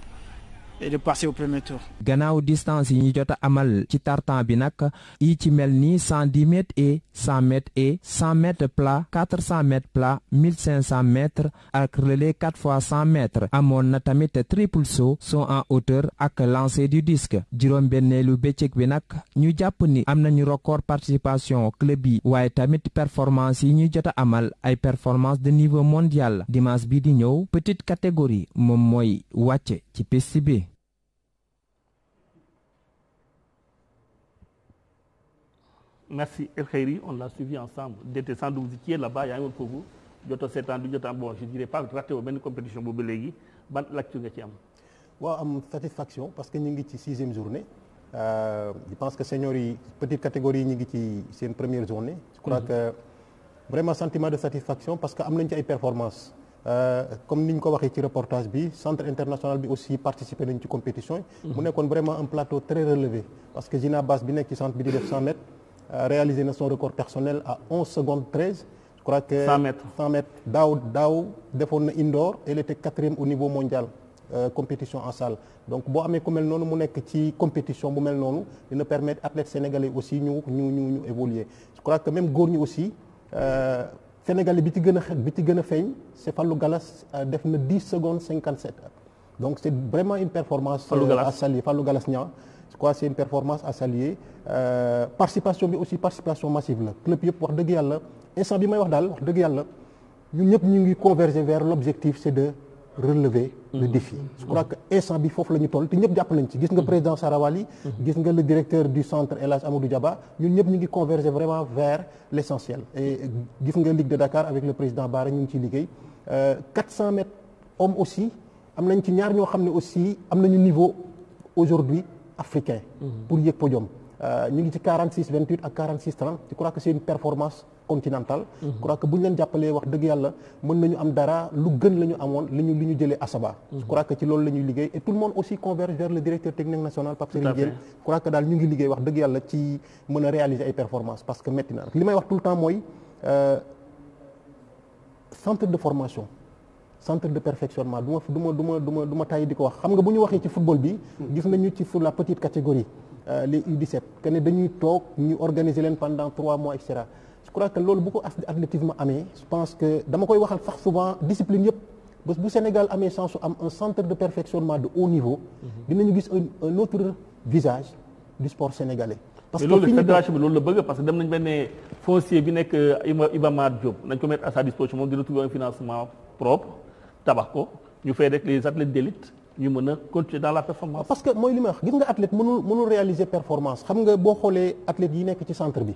et de passer au premier tour. gannaaw distance yi ñu jot amal ci tartan bi nag yi ci mel ni cent dix mètres et cent et cent mètres plat quatre cent mètres plat mille cinq cent mètres ak relais quatre fois cent mètres amoon na tamit triple saut saut en hauteur ak lancer du disque juróom-benneelu bëccëg bi nag ñu jàpp ni am nañu record participation club yi waaye tamit performance yi ñu jot a amal ay performance de niveau mondial dimanche bi di ñëw petite catégorie moom mooy wàcce ci piste bi. merci El Khayri on l'a suivi ensemble DT 112 qui est là-bas yaa ngi woon foofu jota seetaan du jota am bon je dirais pas raté woo benn compétition boobu léegi ban lecture nga ci am. waaw am satisfaction parce que ñu ngi ci sixième journée euh, je pense que seniors yi petite catégorie yi ñu ngi ci seen première journée. je crois mm -hmm. que vraiment sentiment de satisfaction parce que am nañ ci ay performances. Euh, comme ni ñu ko waxee ci reportage bi centre international bi aussi participer nañu ci compétition yi. Mm-hmm. mu nekkoon vraiment un plateau très relevé parce Euh, réaliser na son record personnel à 11 secondes 13. je crois que 100 mètres 100 mètres daaw daaw defoon na indoor elle était quatrième au niveau mondial. Euh, compétition en salle donc boo amee ku mel noonu mu nekk ci compétition bu mel noonu dina permettre athlètes sénégalais aussi ñu ñu ñu ñu évoluer je crois que même góor ñi aussi euh, bi ci gën a bi ci gën a feeñ c'est Fallou Galas euh, def na 10 cinquante 57 donc c'est vraiment une performance. Fallou Galas euh, à Saly Fallou Galas Niang je crois c'est une performance à saluer euh, participation bi aussi participation massive la club yëpp wax dëgg yàlla instant bi may wax daal wax dëgg yàlla ñun ñëpp ñu ngi converger vers l'objectif c'est de relever le mm-hmm. défi je crois que instant bi foofu la ñu toll te ñëpp jàpp nañ ci gis nga mm-hmm. président Sarawali mm-hmm. gis nga le directeur du centre El Amadou Diaba ñun ñëpp ñu ngi converger vraiment vers l'essentiel et gis nga lig de Dakar avec le président Bara ñu ngi ciy liggéey 400 euh, mètres hommes aussi am nañ ci ñaar ñoo xam ne aussi am nañu niveau africain. pour yëg podium. Euh, ñu ngi ci 46 28 ak 46 30 je crois que c'est une performance continentale. Mhm. je crois que bu ñu leen jàppalee wax dëgg yàlla mën nañu am dara lu gën la ñu amoon li ñu li ñu jëlee Asaba. Mhm. je crois que ci loolu la liggéey et tout le monde aussi converge vers le directeur technique national Pape Serigne Diène. je daal ñu ngi liggéey wax dëgg yàlla ci mën a réaliser ay performances parce que métti na li may wax tout le temps mooy euh, centre de formation. centre de perfectionnement du ma du ma du ma du ma tàyyi di ko wax xam nga bu ñu waxee ci football bi. gis nañu ci pour la petite catégorie. Euh, les U17 que ne dañuy toog ñu organiser leen pendant trois mois et cetera je loolu bu ko athlétisme amee je pense que dama koy waxal sax souvent discipline yëpp. bu Sénégal amee chance su am un centre de perfectionnement de haut niveau. Mhm. dinañu gis un autre visage du sport sénégalais. parce que loolu fédération bi loolu la bëgg parce que dem nañ benn tabax ko ñu fay rek les athlètes d'élite ñu mën a continuer la performance. parce que mooy li ma wax gis nga athlète mënul mënul réaliser performance xam nga boo xoolee athlètes yi nekk ci centre bi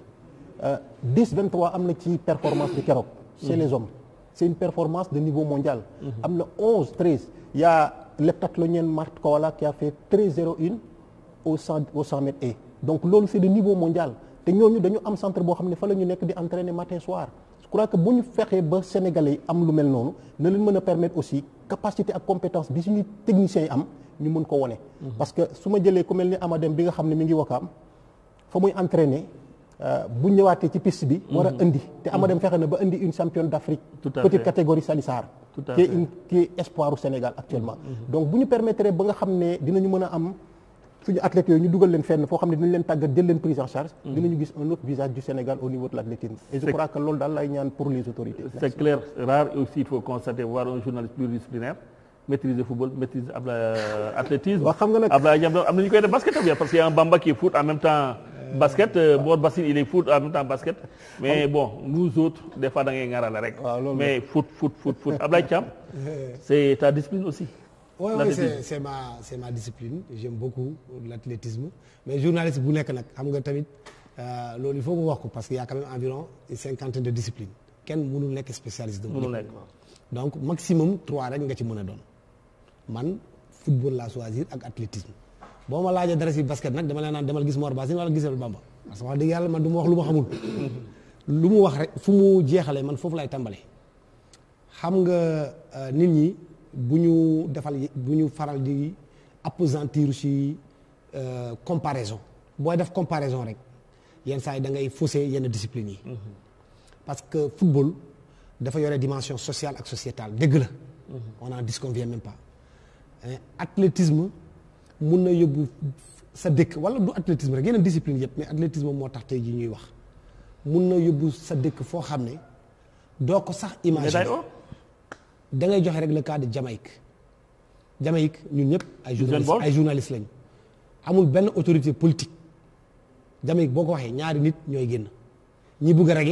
10 euh, 23 am na ci performance bi keroog. chez mhm. les hommes c'est une performance de niveau mondial. Mhm. am na 11 13 il y a l'heptathlonienne Marthe Kowala qui a fait 13 une au 100 au 100 mètres et donc loolu c'est de niveau mondial te ñooñu dañu am centre boo xam ne fa la ñu nekk di entraîner matin soir. je crois que bu ñu fexee ba sénégalais yi am lu mel noonu na leen mën a permettre aussi capacité ak compétence bi suñu techniciens yi am ñu mën ko wone mhm. parce que su ma jëlee ku mel ni Amadem bi nga xam ne mu ngi Wakaam fa muy entraîner euh, bu ñëwaatee ci piste bi. Mhm. war a indi te mhm. Amadem fexe na ba indi une championne d' Afrique. petite catégorie Salissar. qui est une qui est espoir au Sénégal actuellement. donc bu ñu permettre ba nga xam ne dinañu mën a am. suñu athlètes yooyu ñu dugal leen fenn foo xam ne dinañ leen mm-hmm. gis un autre du Sénégal au niveau de l'athlétisme et crois que loolu daal lay ñaan pour les autorités c'est clair rare aussi il faut constater voir un journaliste pluridisciplinaire maîtriser football maîtriser euh, athlétisme waaw xam euh, parce que y a un Bamba foot en même basket Mor euh, il est foot en même basket. mais bon nous autres des fois da rek. mais foot foot foot foot Abdoulaye c'est ta oui oui c'est c'est ma c'est ma discipline j'aime beaucoup l'athlétisme mais journaliste bu nekk nag xam nga tamit euh, loolu il wax ko parce que y a quand même environ une cinquantaine de disciplines kenn mënul nekk spécialiste. mënul nekk donc maximum trois rek nga ci mën a doon man football laa choisir ak athlétisme boo ma laajee dara si basket nag dama la naan demal gis moo Bassine wala gisal Bamba parce wax dëgg yàlla wax lu ma xamul. lu mu wax rek fu mu jeexalee man foofu lay tàmbalee xam nga euh, nit ñi. bu ñu defal bu ñu faral di appesantir ci euh, comparaison booy def comparaison rek yenn saa yi da ngay fausser yenn discipline yi. Mhm. parce que football dafa yore dimension sociale ak sociétale dëgg la. Mhm. on n'en disconvient même pas. athlétisme mun na yóbbu sa dëkk wala du athlétisme rek yenn discipline yëpp mais athlétisme moo tax tey jii ñuy wax mun na yóbbu sa dëkk foo xam ne doo ko sax imaginer da ngay joxe rek le kaa de Jamaïque Jamaïque ñun ñëpp ay journalistes ay journalistes lañu amul benn autorité politique Jamaïque boo ko waxee ñaari nit ñooy génn ñi bugg a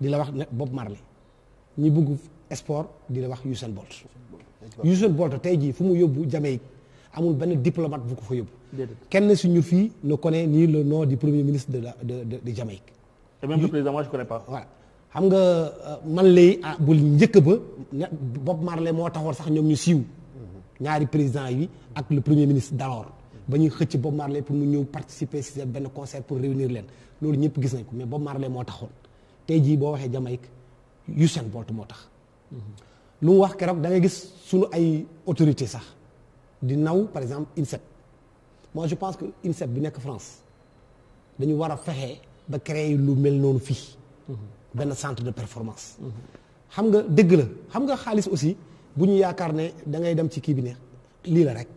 di la wax Bob Marley ñi bugg sport di la wax Usain Bolt Usain Bolt tey jii fu mu yóbbu Jamaïque amul benn diplomate bu ko fa yóbbu kenn si ñun fii ne connaît ni le noo du premier ministre de de de Jamaïque et même xam nga euh, man lay ah bu njëkk ba Bob Marley moo taxoon sax ñoom ñu siiw ñaari président yi ak lu premier ministre d'alors ba ñuy xëcc Bob Marley pour mu ñëw participer ci benn concert pour réunir leen loolu ñëpp gis nañ ko mais Bob Marley moo taxoon tey jii boo waxee yu Usain Bolt moo tax lu mu wax keroog dangay gis suñu ay autorité sax di naw par exemple INSEP moi je pense que INSEP bi nekk France dañu war a fexe ba créer lu mel noonu fii benn centre de performance. xam nga dëgg la xam nga xaalis aussi bu ñu yaakaar ne da ngay dem ci kii bi ne lii la rek.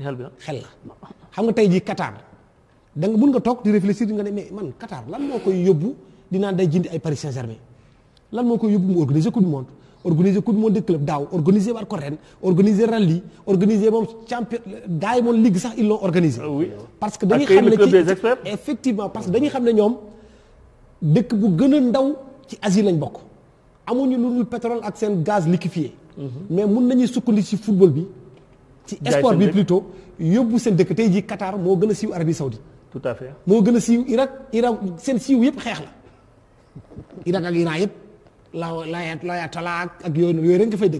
xel bi xel la xam nga tey jii Qatar da nga mun nga toog di réfléchir nga ne mais man Qatar lan moo koy yóbbu dinaan day jëndi ay Paris Saint-Germain lan moo koy yóbbu mu organiser coupe du monde. organiser coupe du monde de daaw organiser war ko ren organiser rallye organiser moom champion daay moom ligue sax ils l'ont organisé. Ah oui parce que dañuy xam parce que dañuy xam ne ñoom dëkk bu gën a ndaw. ci Asie lañ bokk amuñu lu dul pétrole ak seen gaz liquéfié mais mun nañu sukkandi ci football bi ci sport bi plutôt yóbbu seen dëkk tey jii Qatar moo gën a siiw Arabie Saoudite tout à fait moo gën a siiw Irak Irak seen siiw yëpp xeex la Irak ak Iran yëpp la laayatala ak yooyu yooyu rek nga fay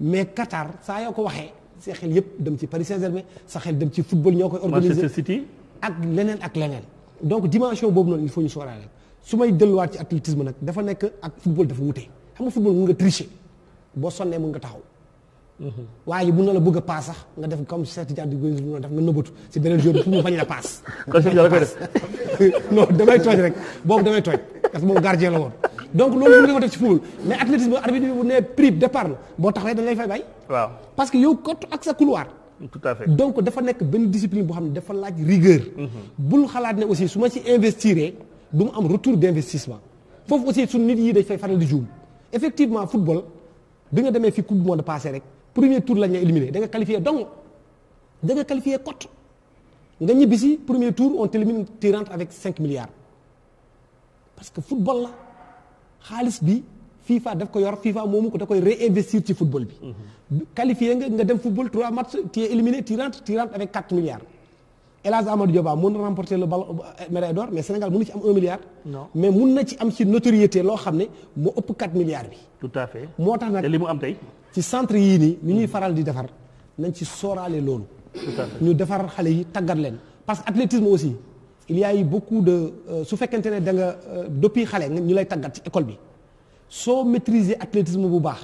mais Qatar saa yoo ko waxee sa xel yëpp dem ci Paris Saint-Germain sa xel dem ci football ñoo koy organiser Manchester City ak leneen ak leneen donc dimension boobu noonu il faut ñu sóoraale su may delluwaat ci athlétisme nag dafa nekk ak football dafa wute xam nga football mun nga tricher boo sonnee mun nga taxaw waaye mun na la bëgg a paas sax nga def comme Cheikh Tidiane Gomis mun na def nga nëbbatu si beneen jour pour mu bañ la paas. kon Cheikh Tidiane def. non damay tooj rek la woon donc loolu def ci mais athlétisme arbitre bi bu nee prix départ la que yow kott ak sa couloir. tout à dafa nekk benn discipline boo xam ne dafa laaj rigueur. Mhm. bul xalaat ne aussi su ma ci investir. du mu am retour d'investissement foofu aussi suñ nit yi dañ fay faral di juum effectivement football bi nga demee fi coupe du monde passé rek premier tour lañ la éliminé da nga qualifié donc da nga qualifié cote nga ñibbi si premier tour on t'élimine tu rentres avec 5 milliards parce que football la xaalis bi FIFA daf ko yor FIFA moomu ko da koy réinvestir ci football bi. Mhm. qualifié nga nga dem football 3 matchs tu es éliminé tu avec 4 milliards. El Hadj Amadou Diop mën na remporter le ballon euh, médaille d'or mais Sénégal mënu ci am 1 milliard. mais mun na ci am ci notoriété loo xam ne mu ëpp 4 milliards bi. tout à fait moo tax nag mu am tey. ci centre yii nii ñu ñuy faral di defar nañ ci sooraalee loolu. ñu defar xale yi tàggat leen parce que athlétisme aussi il y a eu de euh, su fekkente ne danga nga euh, depuis xale ñu lay tàggat ci école bi soo maîtriser athlétisme bu baax.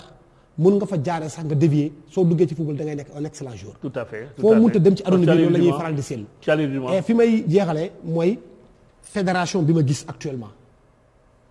mën nga fa jaaree sax nga dévier soo duggee ci football da ngay nekk un excellent joueur. tout à fait foo munta dem ci adduna bi loolu la ñuy faral di seetlu. et fi may jeexalee mooy fédération bi ma gis actuellement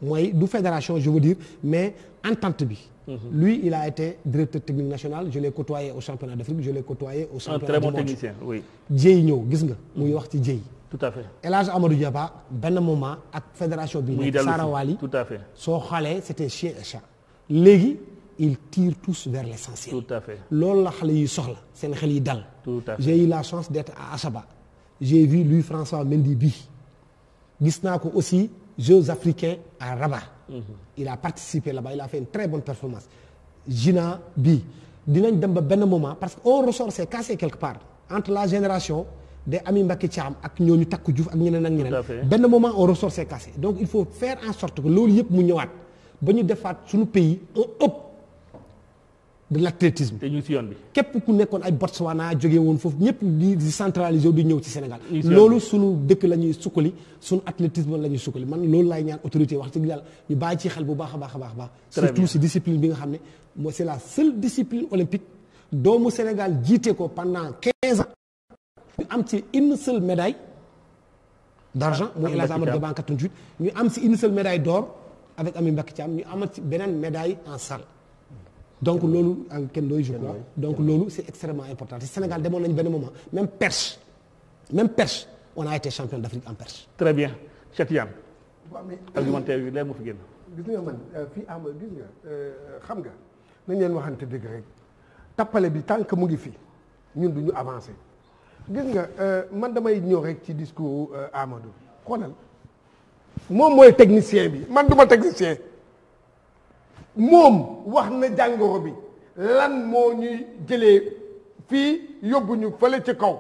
mooy du fédération je veux dire mais entente bi. Mhm. lui il a été directeur technique national je l'ai côtoyé au championnat d'Afrique je l'ai côtoyé au championnat du monde un très bon technicien oui. Dieye ñëw gis nga. muy mhm. wax ci Dieye. tout à fait El Hadj Amadou Diaba benn moment ak fédération bi. muy Sarawali tout à fait soo xalee c'était chien et chat léegi. ils tirent tous vers l'essentiel. à fait loolu la xale yi soxla seen xel yi dal. tout à fait j'ai eu la chance d'être à Achaba. j'ai vu Louis François Mendy bii gis naa ko aussi Jeux africains à Rabat. Mhm. il a participé là il a fait une très bonne performance. Gina bii dinañ dem ba benn moment parce que on ressort c'est cassé quelque part entre la génération. des Ami Mbacké Thiam ak ñoo ñooñu takku Diouf ak ñeneen ak ñeneen benn moment on ressort c'est cassé donc il faut faire en sorte que loolu yëpp mu ñëwaat ba ñu de l'athlétisme. te si yoon bi. képp ku nekkoon ay Botswana jógee woon foofu ñëpp di di centraliser di ñëw ci Sénégal. loolu sunu dëkk la ñuy sukkali suñu athlétisme la ñuy sukkali man loolu laay ñaan autorité wax dëgg yàlla ñu bàyyi ci xel bu baax a baax a baax. surtout si discipline bi nga xam ne moo c'est la seule discipline olympique doomu Sénégal jiite ko pendant quinze ans. ñu am ci une seule médaille d'argent ah, mooy El Hadj Amadou Diaba en 88 ñu am si une seule médaille d'or avec Amy Mbacké Thiam ñu amat ci beneen médaille en salle. donc loolu ak kenn dooy donc loolu c' est extrêmement important te Sénégal demoon nañu benn moment même perche même perche on a été champion d' en perche. très bien Cheikh Tidiane. waaw mais euh, argumentaire yi leer moo fi génn. gis nga man euh, fii am gis euh, xam nga nañ leen waxante dëgg rek tappale bi tant que mu ngi fi ñun du ñu avancé gis nga man damay ñëw rek ci discours Amadou xoolal moom mooy technicien bi man du ma technicien. moom wax na jàngoro bi lan moo ñuy jëlee fii yóbbuñu fële ci kaw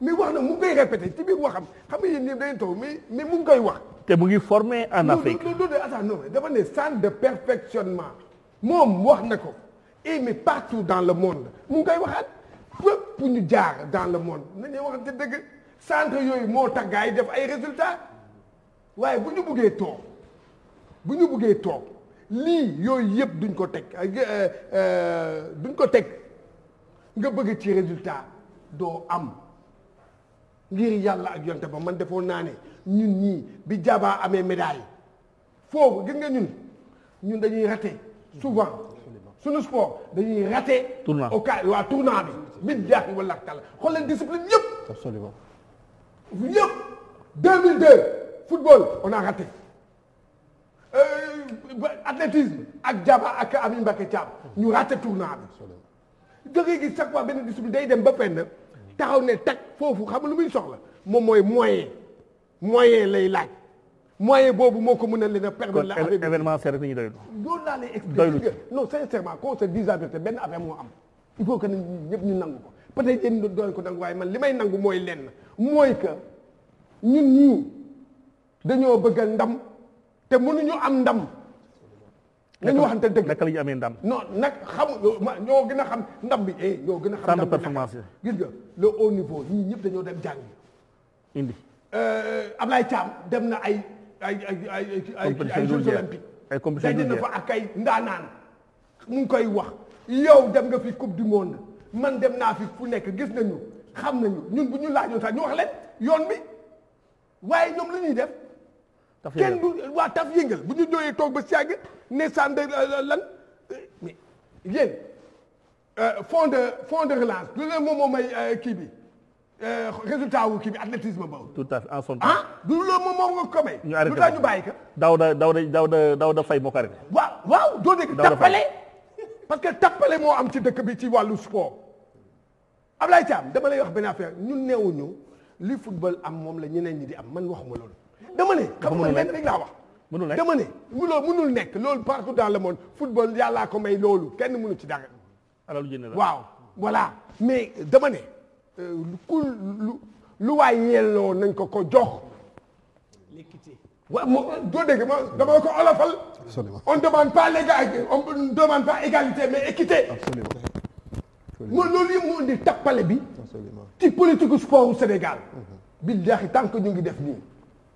mais wax na mu ngay koy répété ci biir waxam xam nga yéen ñëpp dañuy taw mais mais mu ngi koy wax te mu ngi formé en Afrique non non attends non ne centre de perfectionnement moom wax na ko et mais partout dans le monde mu ngi koy waxaat fépp ñu jaar dans le monde nañuy waxante dëgg centre yooyu moo tax def ay résultats waaye bu ñu buggee toog bu ñu buggee toog lii yooyu yëpp duñ ko teg euh, euh, duñ ko teg nga bëgg ci résultat doo am ngir yàlla ak yonte ba man defoon naa ne ñun ñii bi jaabaa amee médaille foofu gis nga ñun ñun dañuy raté souvent suñu sport dañuy raté tournoi au cas waa tournoi bi billahi wallahi taala xool leen yëpp absolument yëpp football on a raté euh, athlétisme ak Diaba ak Amin Mbacké Thiam ñu raté tournoi bi da ngay gis chaque fois benn discipline day dem ba fenn taxaw ne teg foofu xam nga lu muy soxla moom mooy moyen moyen lay laaj moyen boobu moo ko mën a leen a permettre la événement serré ñu doylu loolu laa lay expliquer non sincèrement qu'on se dise la vérité benn ñëpp ñu nangu ko peut-être yéen doon ko nangu waaye man li may nangu mooy leen lenn mooy que ñun ñii dañoo bëgg ndam te mënuñu am ndam nañu waxante dëgg naka la ñu amee ndam. non nag xam ñoo gën a xam ndam bi eh ñoo gën a xam ndam performance gis nga le haut niveau ñii ñëpp dañoo dem jàngi. indi. Euh, Ablaye Thiam dem na ay ay ay ay ay ay Jeux olympiques. ay compétition daje na fa ak ay ndaanaan mu ngi koy wax. yow dem nga fi coupe du monde man dem naa fi fu nekk gis nañu xam nañu ñun bu ñu laajoon sax ñu wax leen yoon bi waaye ñoom lu ñuy def. kenn du waa taf yëngal bu ñu jooyee toog ba si yàgg ne sànd euh, euh, lan euh, mais yéen fond de fond de relance du leen moom moo may kii bi résultat wu kii bi athlétisme boobu. tout à en son ah, temps ah du loolu moom moo ko ko may. ñu arrêté ko ñu daw da Daouda Daouda Daouda Daouda Faye moo ko arrêté. waaw waaw doo dégg tappale parce que tappale moo am ci dëkk bi ci wàllu sport. Ablaye Thiam dama lay wax benn affaire ñun neewuñu li football am moom la ñeneen ñi di am man waxuma loolu. dama ne xam nga lenn rek laa wax mënul nekk dama loolu mënul nekk loolu partout dans le monde football yàllaa ko may loolu kenn mënu ci dara alalu jënd la waaw voilà mais dama ne euh, ku lu waay yelloo nañ ko ko jox l'équité waaw moo doo dégg ma ko olofal on demande pas l'égalité on ne demande égalité mais équité absolument moo loolu yëpp moo indi tappale bi ci politique sport Sénégal mm-hmm. billaahi tant que ñu ngi def nii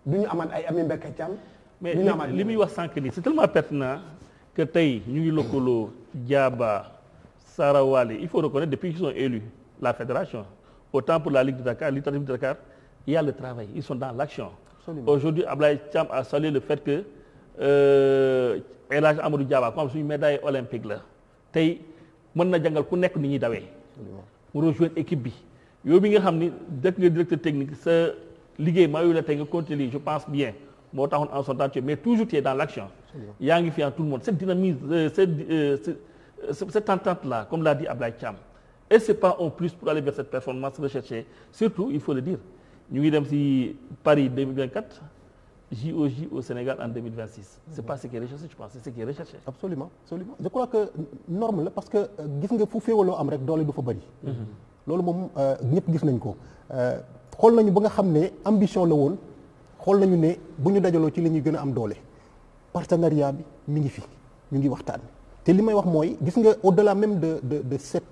du ñu amaat ay ami mbekk cam mais li muy wax sànq nii c'est tellement pertinent que tey ñu ngi lëkkaloo Diaba Sarawale il faut reconnaître depuis qu'ils sont élus la fédération autant pour la Ligue de Dakar Ligue de Dakar il y a le travail ils sont dans l'action aujourd'hui Ablaye Thiam a salué le fait que euh, El Hadj Amadou Diaba comme suñu médaille olympique la tey mën na jàngal ku nekk ni ñuy dawee mu rejoindre équipe bi yow nga xam ni dëkk nga directeur technique liggéey mayu la tey nga continuer lii je pense bien moo taxoon en son temps mais toujours tu es dans l'action yaa ngi fi en tout le monde cette dynamisme euh, cette euh, cette entente là comme l'a dit Ablaye Thiam et c'est pas en plus pour aller vers cette performance recherchée surtout il faut le dire ñu ngi dem ci Paris 2024 JOJ au Sénégal en c'est pas ce qui recherché je pense c'est ce qui recherché absolument je crois que norme la parce que euh, gis nga fu féewaloo am rek xool nañu ba nga xam ne ambition la woon xool nañu ne bu ñu dajaloo ci la ñuy gën a am doole partenariat bi mu ngi fi ñu ngi waxtaan te li may wax mooy gis nga au delà même de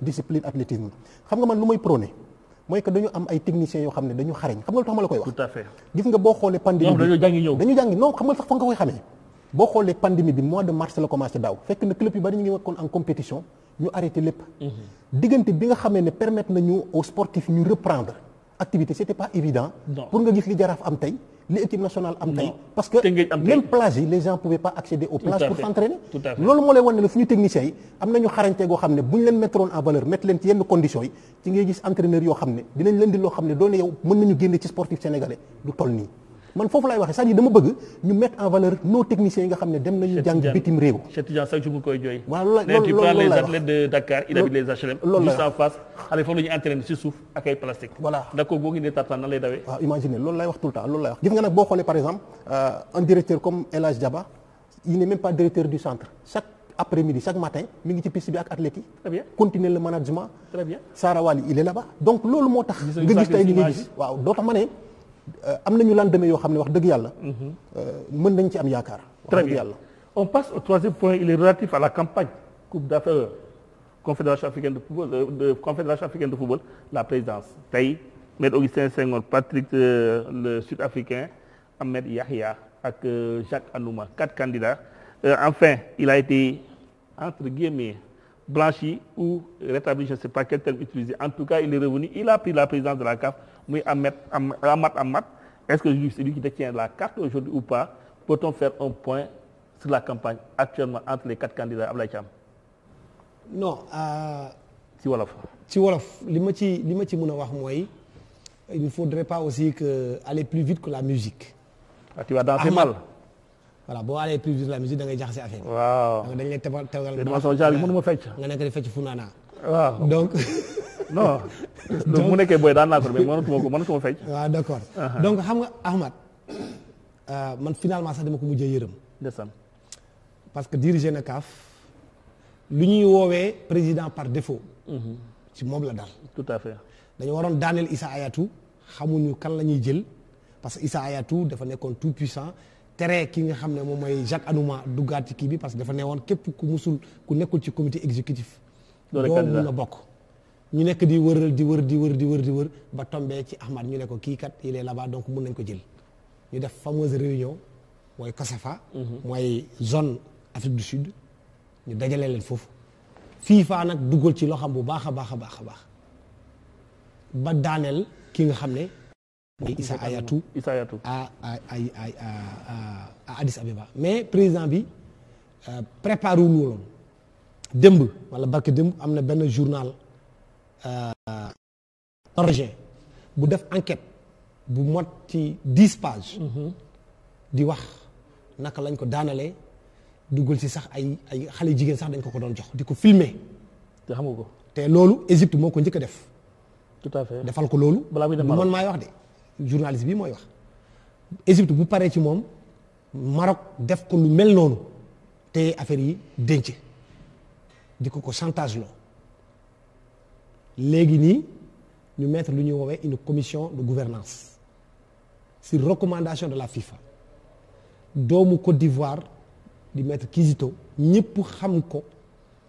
de man lu may prôné mooy que am ay techniciens yoo xam ne dañu xarañ xam nga lu tax ma la koy wax. gis nga boo xoolee. pandémie bi dañu jàngi ñëw dañu jàngi non xam nga sax fa nga koy xamee. boo xoolee pandémie bi mois de mars la commencé daaw fekk na club yu bari ñu ngi nekkoon en compétition ñu arrêté lépp. Mhm. diggante bi nga xamee ne permettre nañu aux sportifs ñu reprendre. activité c' était pas évident. Non. pour nga gis li jaraaf am tey. li équipe nationale am tey. parce que même plage yi les gens pouvaient pas accéder aux plages pour s'entraîner loolu moo lay wan ne la suñu yi am nañu xarañte goo xam ne bu ñu leen mettroon en valeur mettre leen ci yenn conditions yi ci ngay gis entraîneur yoo xam ne dinañ leen di loo xam ne doone yow mën nañu génne ci sportif sénégalais du toll nii man foofu laay waxee c'est-à-dire dama bëgg ñu mettre en valeur nos techniciens yi nga xam ne dem nañu jàng bitim réew. Cheikh loolu loolu loolu loolu lay wax tout loolu laay wax. gis nga nag boo xoolee par exemple euh, un directeur comme El Hadj Diaba il même pas directeur du centre chaque après-midi chaque matin mi ngi ci piste bi ak athlètes yi. management. très bien Sara Wali donc loolu moo tax. nga gis tey waaw doo tax ma ne Euh, am nañu lendemain yoo xam ne wax dëgg yàlla. Mhm. Euh, mën nañ ci am yaakaar. très bien yàlla on passe au troisième point il est relatif à la campagne coupe d'Afrique euh, de confédération africaine de football la présidence tey maître Augustin Senghor Patrick le sud-africain Ahmed Yahya ak Jacques Anouma quatre candidats enfin il a été entre guillemets blanchi ou rétabli je ne quel terme utiliser en tout cas il est revenu il a pris la présidence de la CAF muy Ahmed am Amat Amat est-ce que c'est lui qui détient la carte aujourd'hui ou pas peut-on un point sur la campagne actuellement entre les quatre candidats Ablaye Thiam. non. Euh, ci wolof. ci wolof li ma ci li ma ci mën a wax mooy il ne de pas aussi que aller plus vite que la musique. ah tu vas mal. voilà boo aller plus vite que la musique da ngay jaxase affaire bi. waaw da nga dañ lay tegal tegal. nga fecc funaanaa. waaw non donc mu nekkee booy daan naa ko man mënatuma ko mënatuma fecc. waaw ah, d'accord ah, ah. donc xam nga Ahmad euh, man finalement sax dama ko mujjee yërëm. ndeysaan. parce que diriger na CAF lu ñuy woowee président par défaut. Mhm. ci moom la dal. tout à fait. dañu waroon daaneel Issa Ayatou xamuñu kan la ñuy jël parce que Issa Ayatou dafa nekkoon tout puissant tere kii nga xam ne moom mooy Jacques Anouma duggaat ci kii bi parce que dafa ne woon képp ku musul ku nekkul ci comité exécutif. doo mun a bokk. ñu nekk di wër di wër di wër di wër di wër ba tombee ci Ahmad ñu ne ko kii kat il est là-bas donc mun nañ ko jël ñu def fameuse réunion mooy COSAFA mhm. mooy zone Afrique du Sud ñu dajale leen foofu FIFA nag duggal ci loxam bu baax a baax a baax a baax ba daaneel ki nga xam ne mooy Issa Hayatou Issa a ay ay à Addis Abeba mais président bi euh, préparé wu loolu démb wala barke démb am na benn journal projet euh, bu def enquête bu mot ci dix pages. Mhm. di wax naka lañ ko daanale dugal ci sax ay ay xale jigéen sax dañ ko ko doon jox di ko filmer te ko te loolu Égypte moo ko njëkk a def. tout à defal ko loolu. balaa muy dem man maay wax de journaliste bi mooy wax. Égypte bu paree ci moom Maroc def ko lu mel noonu te affaire yi denc di ko ko chantage loo léegi nii ñu mettre lu ñuy woowee une commission de gouvernance sur recommandation de la FIFA doomu Côte d'Ivoire di maître Kizito ñëpp xam ko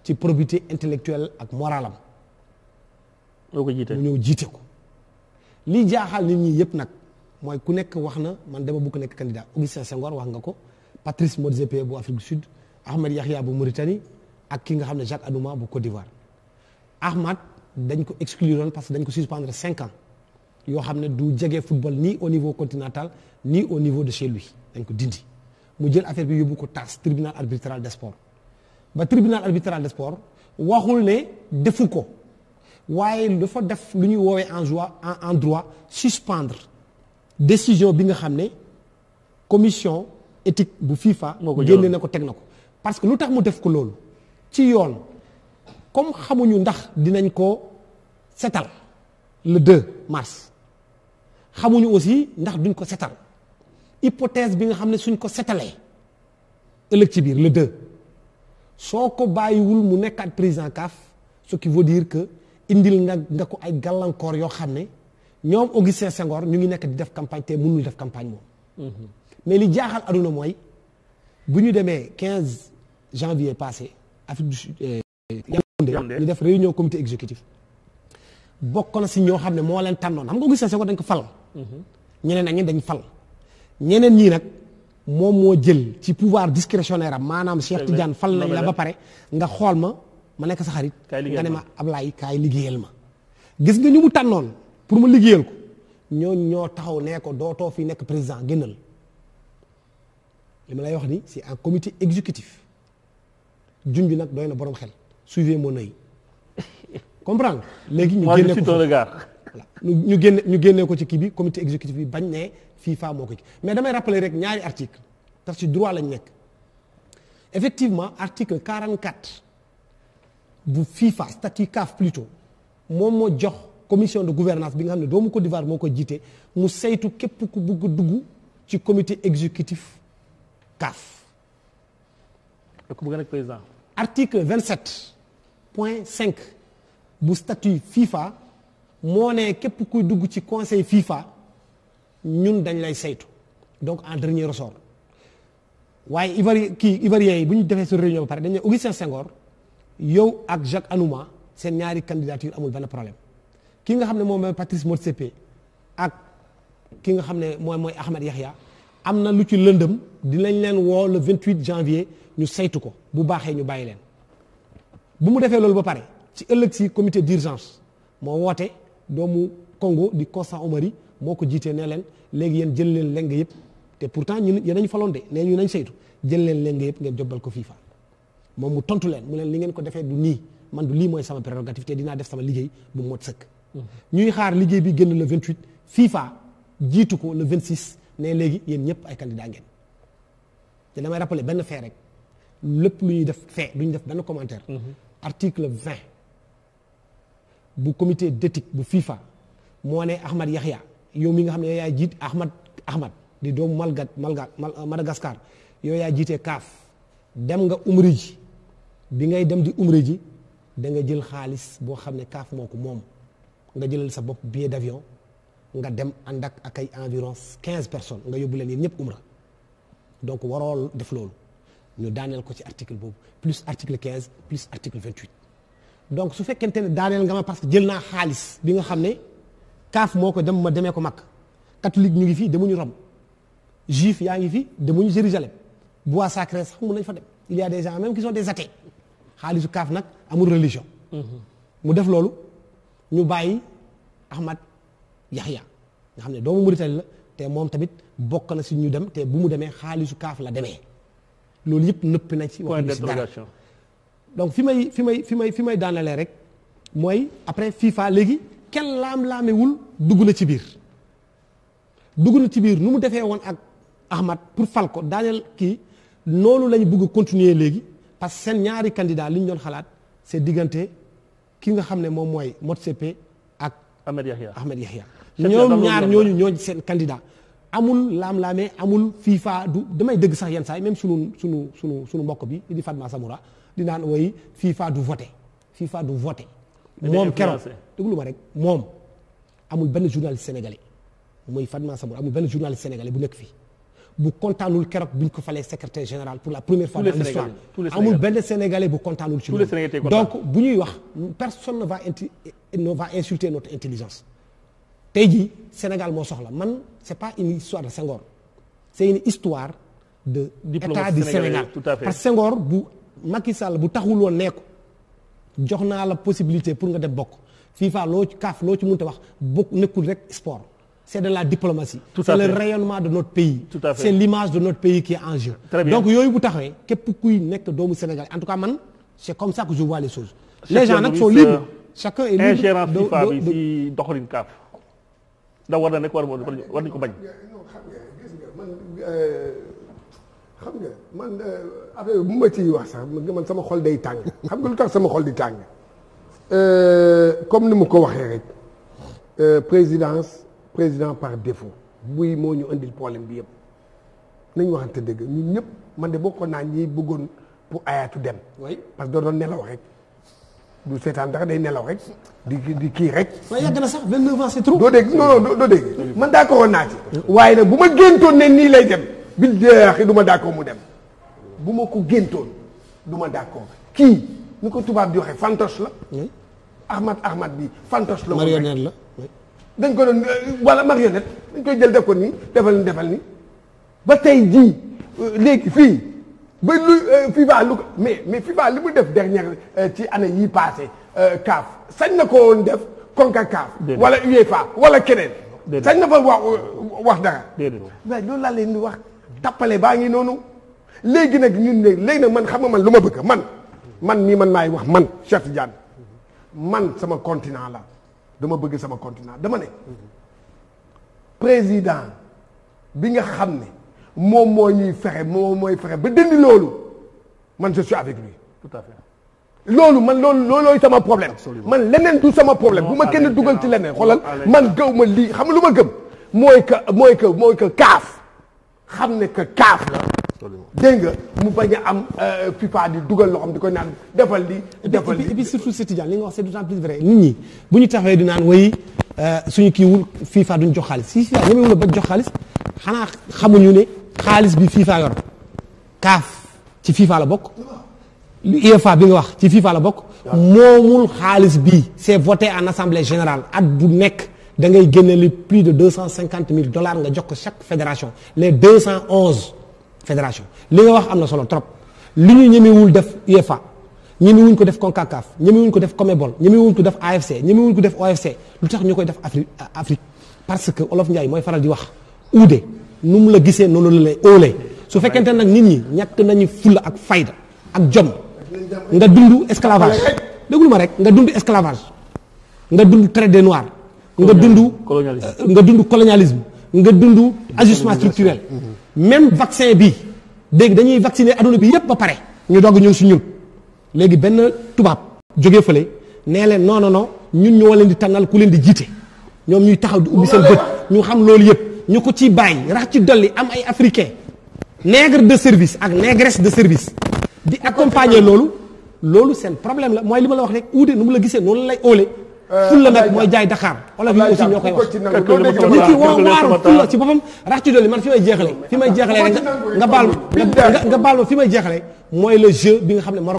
ci probité intellectuelle ak moralam. moo ko jiite mu ñëw jiite ko. li jaaxal nit ñi yëpp nag mooy ku nekk wax na man dama bëgg nekk candidat Augustin Senghor wax nga ko Patrice Motsepe bu Afrique du Sud Ahmed Yahya bu Mauritanie ak ki nga xam ne Jacques Anouma bu Côte d'Ivoire Ahmad dañ ko excluroon parce que dañ ko suspendre cinq ans yoo xam ne du jege football ni au niveau continental ni au niveau de chez lui dañ ko dindi mu jël affaire bi yóbbu ko TAS tribunal arbitral des sports ba tribunal arbitral des sports waxul ne defu ko waaye dafa def lu ñuy woowee en droit en droit suspendre décision bi nga xam ne commission éthique bu FIFA. génne na ko teg na ko parce que lu tax mu def ko loolu ci yoon. comme xamuñu ndax dinañ ko setal le 2 mars xamuñu aussi ndax duñ ko setal hypothèse bi nga xam ne suñ ko setalee ëllëg ci biir le 2 soo ko bàyyiwul mu nekkaat président CAF ce qui veut dire que indil nga nga ko ay gàllankoor yoo xam ne ñoom Augustin Senghor ñu ngi nekk di def campagne te mënul def campagne moom. Mm-hmm. mais li jaaxal aduna mooy bu ñu demee 15 janvier passé Afrique ñu def réunion comité exécutif bokk na si ñoo xam ne moo leen tànnoon xam nga Augustin Senghor dañ ko fal mhm. ñeneen ak ñi dañ fal ñeneen ñii nag moom moo jël ci pouvoir discrétionnaire am maanaam Cheikh Tidiane fal nañ la ba pare nga xool ma ma nekk sa xarit nga ne ma lay kaay liggéeyal ma gis nga ñu mu tànnoon pour ma liggéeyal ko ñooñ ñoo taxaw nee ko dootoo fi nekk président génnal li ma lay wax ni c'est un comité exécutif junj nag doy na boroom suivez moo œil comprendre léegi ñu génne ko ñu génne ñu génne ko ci kii bi comité exécutif bi bañ ne FIFA moo ko ci mais damay rappeler rek ñaari article tax ci droit lañ nekk effectivement article bu FIFA statut CAF plutôt moom moo jox commission de gouvernance bi nga xam ne doomu Côte d'Ivoire moo ko jiite mu saytu képp ku bugg a dugg ci comité exécutif CAF. ku bëgg nag président. article 27. point cinq bu statut FIFA moo ne képp kuy dugg ci conseil FIFA ñun dañ lay saytu donc en dernier ressort waaye Ivoiri kii Ivoiriens yi bu ñu defee suñu réunion ba pare dañ ne Augustin Senghor yow ak Jacques Anouma seen ñaari candidature amul benn problème kii nga xam ne moom mooy Patrice Motsepe ak ki nga xam ne mooy mooy Ahmed Yahya am na lu ci lëndëm dinañ leen woo le 28 janvier ñu saytu ko bu baaxee ñu bàyyi leen. bu mu defee loolu ba pare ci ëllëg si comité d'urgence moo woote doomu Congo di Constant Omari moo ko jiitee nee leen léegi yéen jël leen leng yëpp te pourtant ñun yéen nañ faloon de nee ñu nañ saytu jël leen leng yëpp ngeen jobbal ko FIFA moom mu tontu leen mu leen li ngeen ko defee du nii man du lii mooy sama prérogative te dinaa def sama liggéey bu mot sëkk ñuy xaar liggéey bi génn le 28 FIFA jiitu ko vingt 26 ne léegi yéen ñëpp ay candidat ngeen te damay rappeler benn fee rek lépp lu ñuy def fee du ñu def benn commentaire mm-hmm. article vingt bu comité d'éthique bu FIFA moo ne Ahmad Yahya yow mi nga xam ne yow yaay jiit Ahmad Ahmad di doomu Malgat Malga euh, Madagascar yow yaa jiite kaaf dem nga umri bi ngay dem di umri danga jël xaalis boo xam ne kaaf moo ko moom nga jëlal sa bopp billet d'avion nga dem ànd ak ak ay environ quinze personnes nga yóbbu leen yéen ñëpp umra donc waroo def loolu ñu daaneel ko ci article boobu plus article 15 plus article 28 donc su fekkente ne daaneel nga ma parce que jël naa xaalis bi nga xam ne kaaf moo ko dem ma demee ko mag catholique ñu ngi fi demuñu Rome juif yaa ngi fi demuñu Jérusalem bois sacré sax mun nañ fa dem il y a des gens même qui sont des athées xaalisu kaaf nag amul religion. Mm-hmm. mu def loolu ñu bàyyi Ahmad Yahya nga xam ne doomu Mauritanie la te moom tamit bokk na si ñu dem te bu mu demee xaalisu kaaf la demee. loolu yëpp nëpp nañ ci wax ci dara donc fi may fi may fi may fi may daanalee rek mooy après FIFA léegi kenn laam-laamewul dugg na ci biir dugg na ci biir nu mu defee woon ak Ahmad pour fal ko daaneel kii noonu lañ bugg continuer léegi parce que seen ñaari candidat liñ ñu doon xalaat c'est diggante ki nga xam ne moom mooy Motsepe ak Ahmed Yahya Ahmed Yahya ñoom ñaar ñooñu seen candidat amul laam-laamee amul FIFA du damay dëgg sax yenn saa yi même sunu sunu sunu mbokk bi di Fatma Samoura di naan woy FIFA du voté FIFA du voté moom keroog déglu ma rek moom amul benn journaliste sénégalais mooy Fatma Samoura amul benn journaliste sénégalais bu nekk fii bu kontaanul keroog bu ñu ko falee secrétaire général pour la première fois dans l'histoire amul benn sénégalais bu kontaanul ci loolu donc bu ñuy wax personne ne va inti ne va insulter notre intelligence tey jii Sénégal moo soxla man c'est pas une histoire de Senghor c'est une histoire de état du Sénégal tout à fait parce que Senghor bu Macky Sall bu taxul woon nekku jox naa la possibilité pour nga dem bokk FIFA loo ci CAF loo ci mënta wax bokk nekkul rek sport c'est de la diplomatie c'est le rayonnement de notre pays tout à fait c'est l'image de notre pays qui est en jeu donc yooyu bu taxawee képp kuy nekk doomu Sénégal en tout cas man c'est comme ça que je vois les choses les gens nag sont libres euh, chacun est libre de bi ci doxalin ndax war na nekk war war nañu ko bañ. xam nga gis nga man euh, xam nga man euh, affaire bu ma ciy wax sax man sama xol day tàng xam nga lu tax sama xol di tàng euh, comme ni mu ko waxee rek présidence président par défaut buy moo ñu indil problème bi yëpp nañ waxante dëgg ñun ñëpp man de bokkoon naa ñi bëggoon pour ayaatu dem. parce que doo doon nelaw rek. du seetaan dara day nelaw rek di di kii rek. waaye yàgg na sax 29 ans c'est trop. doo dégg non doo dégg man d'accord naa ci. waaye nag bu ma géntoon ne nii lay dem. billahi du ma d'accord mu dem bu ma ko géntoon du ma d'accord kii ni ko tubaab di waxee fantoche la. Ahmad Ahmad bi fantoche la. marionnette la dañ ko doon wala euh, marionnette dañ koy jël def ko nii defal ni defal ni ba tey jii euh, léegi fii. ba lu euh, FIFA lu ko mais mais FIFA li mu def dernière euh, ci année yi passé euh, CAF sañ na ko woon def CONCACAF wala UEFA wala keneen sañ na fa wax wax dara waaye loolu laa leen di wax tappale baa ngi noonu léegi nag ñun ne léegi nag man xam nga man lu ma bëgg man man nii man maay wax man Cheikh Tidiane man sama continent la dama bëgg sama continent dama ne président bi nga xam ne moom moo ñuy fexe moom mooy fexe ba dindi loolu man je suis avec lui. tout à fait loolu man loolu loolooy sama problème. man leneen du sama problème bu ma kenn dugal ci leneen xoolal man gëw ma lii xam lu ma gëm mooy que mooy que mooy que kaaf xam ne que kaaf la. dégg nga mu bañ a am euh, FIFA di dugal loxoom di koy naan defal li defal li et puis surtout si Tidiane li nga wax c'est d'autant plus vrai nit ñi bu ñu taxawee di naan way euh, suñu kiiwul FIFA duñ jox xaalis si FIFA ñemewul ba jox xaalis xanaa xamuñu ne. xaalis bi FIFA yor kaaf ci FIFA la bokk UEFA bi nga wax ci FIFA la bokk moomul xaalis bi c'est voté en assemblée général at bu nekk da ngay génneli plus de deux cent cinquante mille dollars nga jox ko chaque fédération les deux cent onze fédération li nga wax am na solo trop li ñu ñemewul def UEFA ñemewuñ ko def CONCACAF ñemewuñ ko def comme CONMEBOL ñemewuñ ko def AFC ñemewuñ ko def OFC lu tax ñu koy def Afrique Afrique parce que Olof Ndiaye mooy faral di wax uude nu mu la gisee noonu la lay óolee su fekkente nag nit ñi ñàkk nañu fulla ak fayda ak jom nga dund esclavage déglu ma rek nga dund esclavage nga dund traite des noirs nga dund nga dundu colonialisme nga dundu ajustement structurel même vaccin bi dégg dañuy vacciner adduna bi yépp ba pare ñu dogg ñëw si ñun léegi benn tubaab jógee fële nee leen non non ñun ñoo leen di tànnal ku leen di jiite ñoom ñuy taxaw di ubbi seen bët ñu xam loolu yépp ñu ko ci bàyyi rax ci dolli am ay africain nègre de service ak négresse de service di accompagner loolu loolu seen problème la mooy li ma la wax rek uude nu mu la gisee noonu lay óole euh, fulla nag mooy jaay Dakar wala yi aussi ñoo koy wax nit fi may jeexale fi nga baal ma nga baal ma fi may jeexale mooy le jeu bi nga xam ne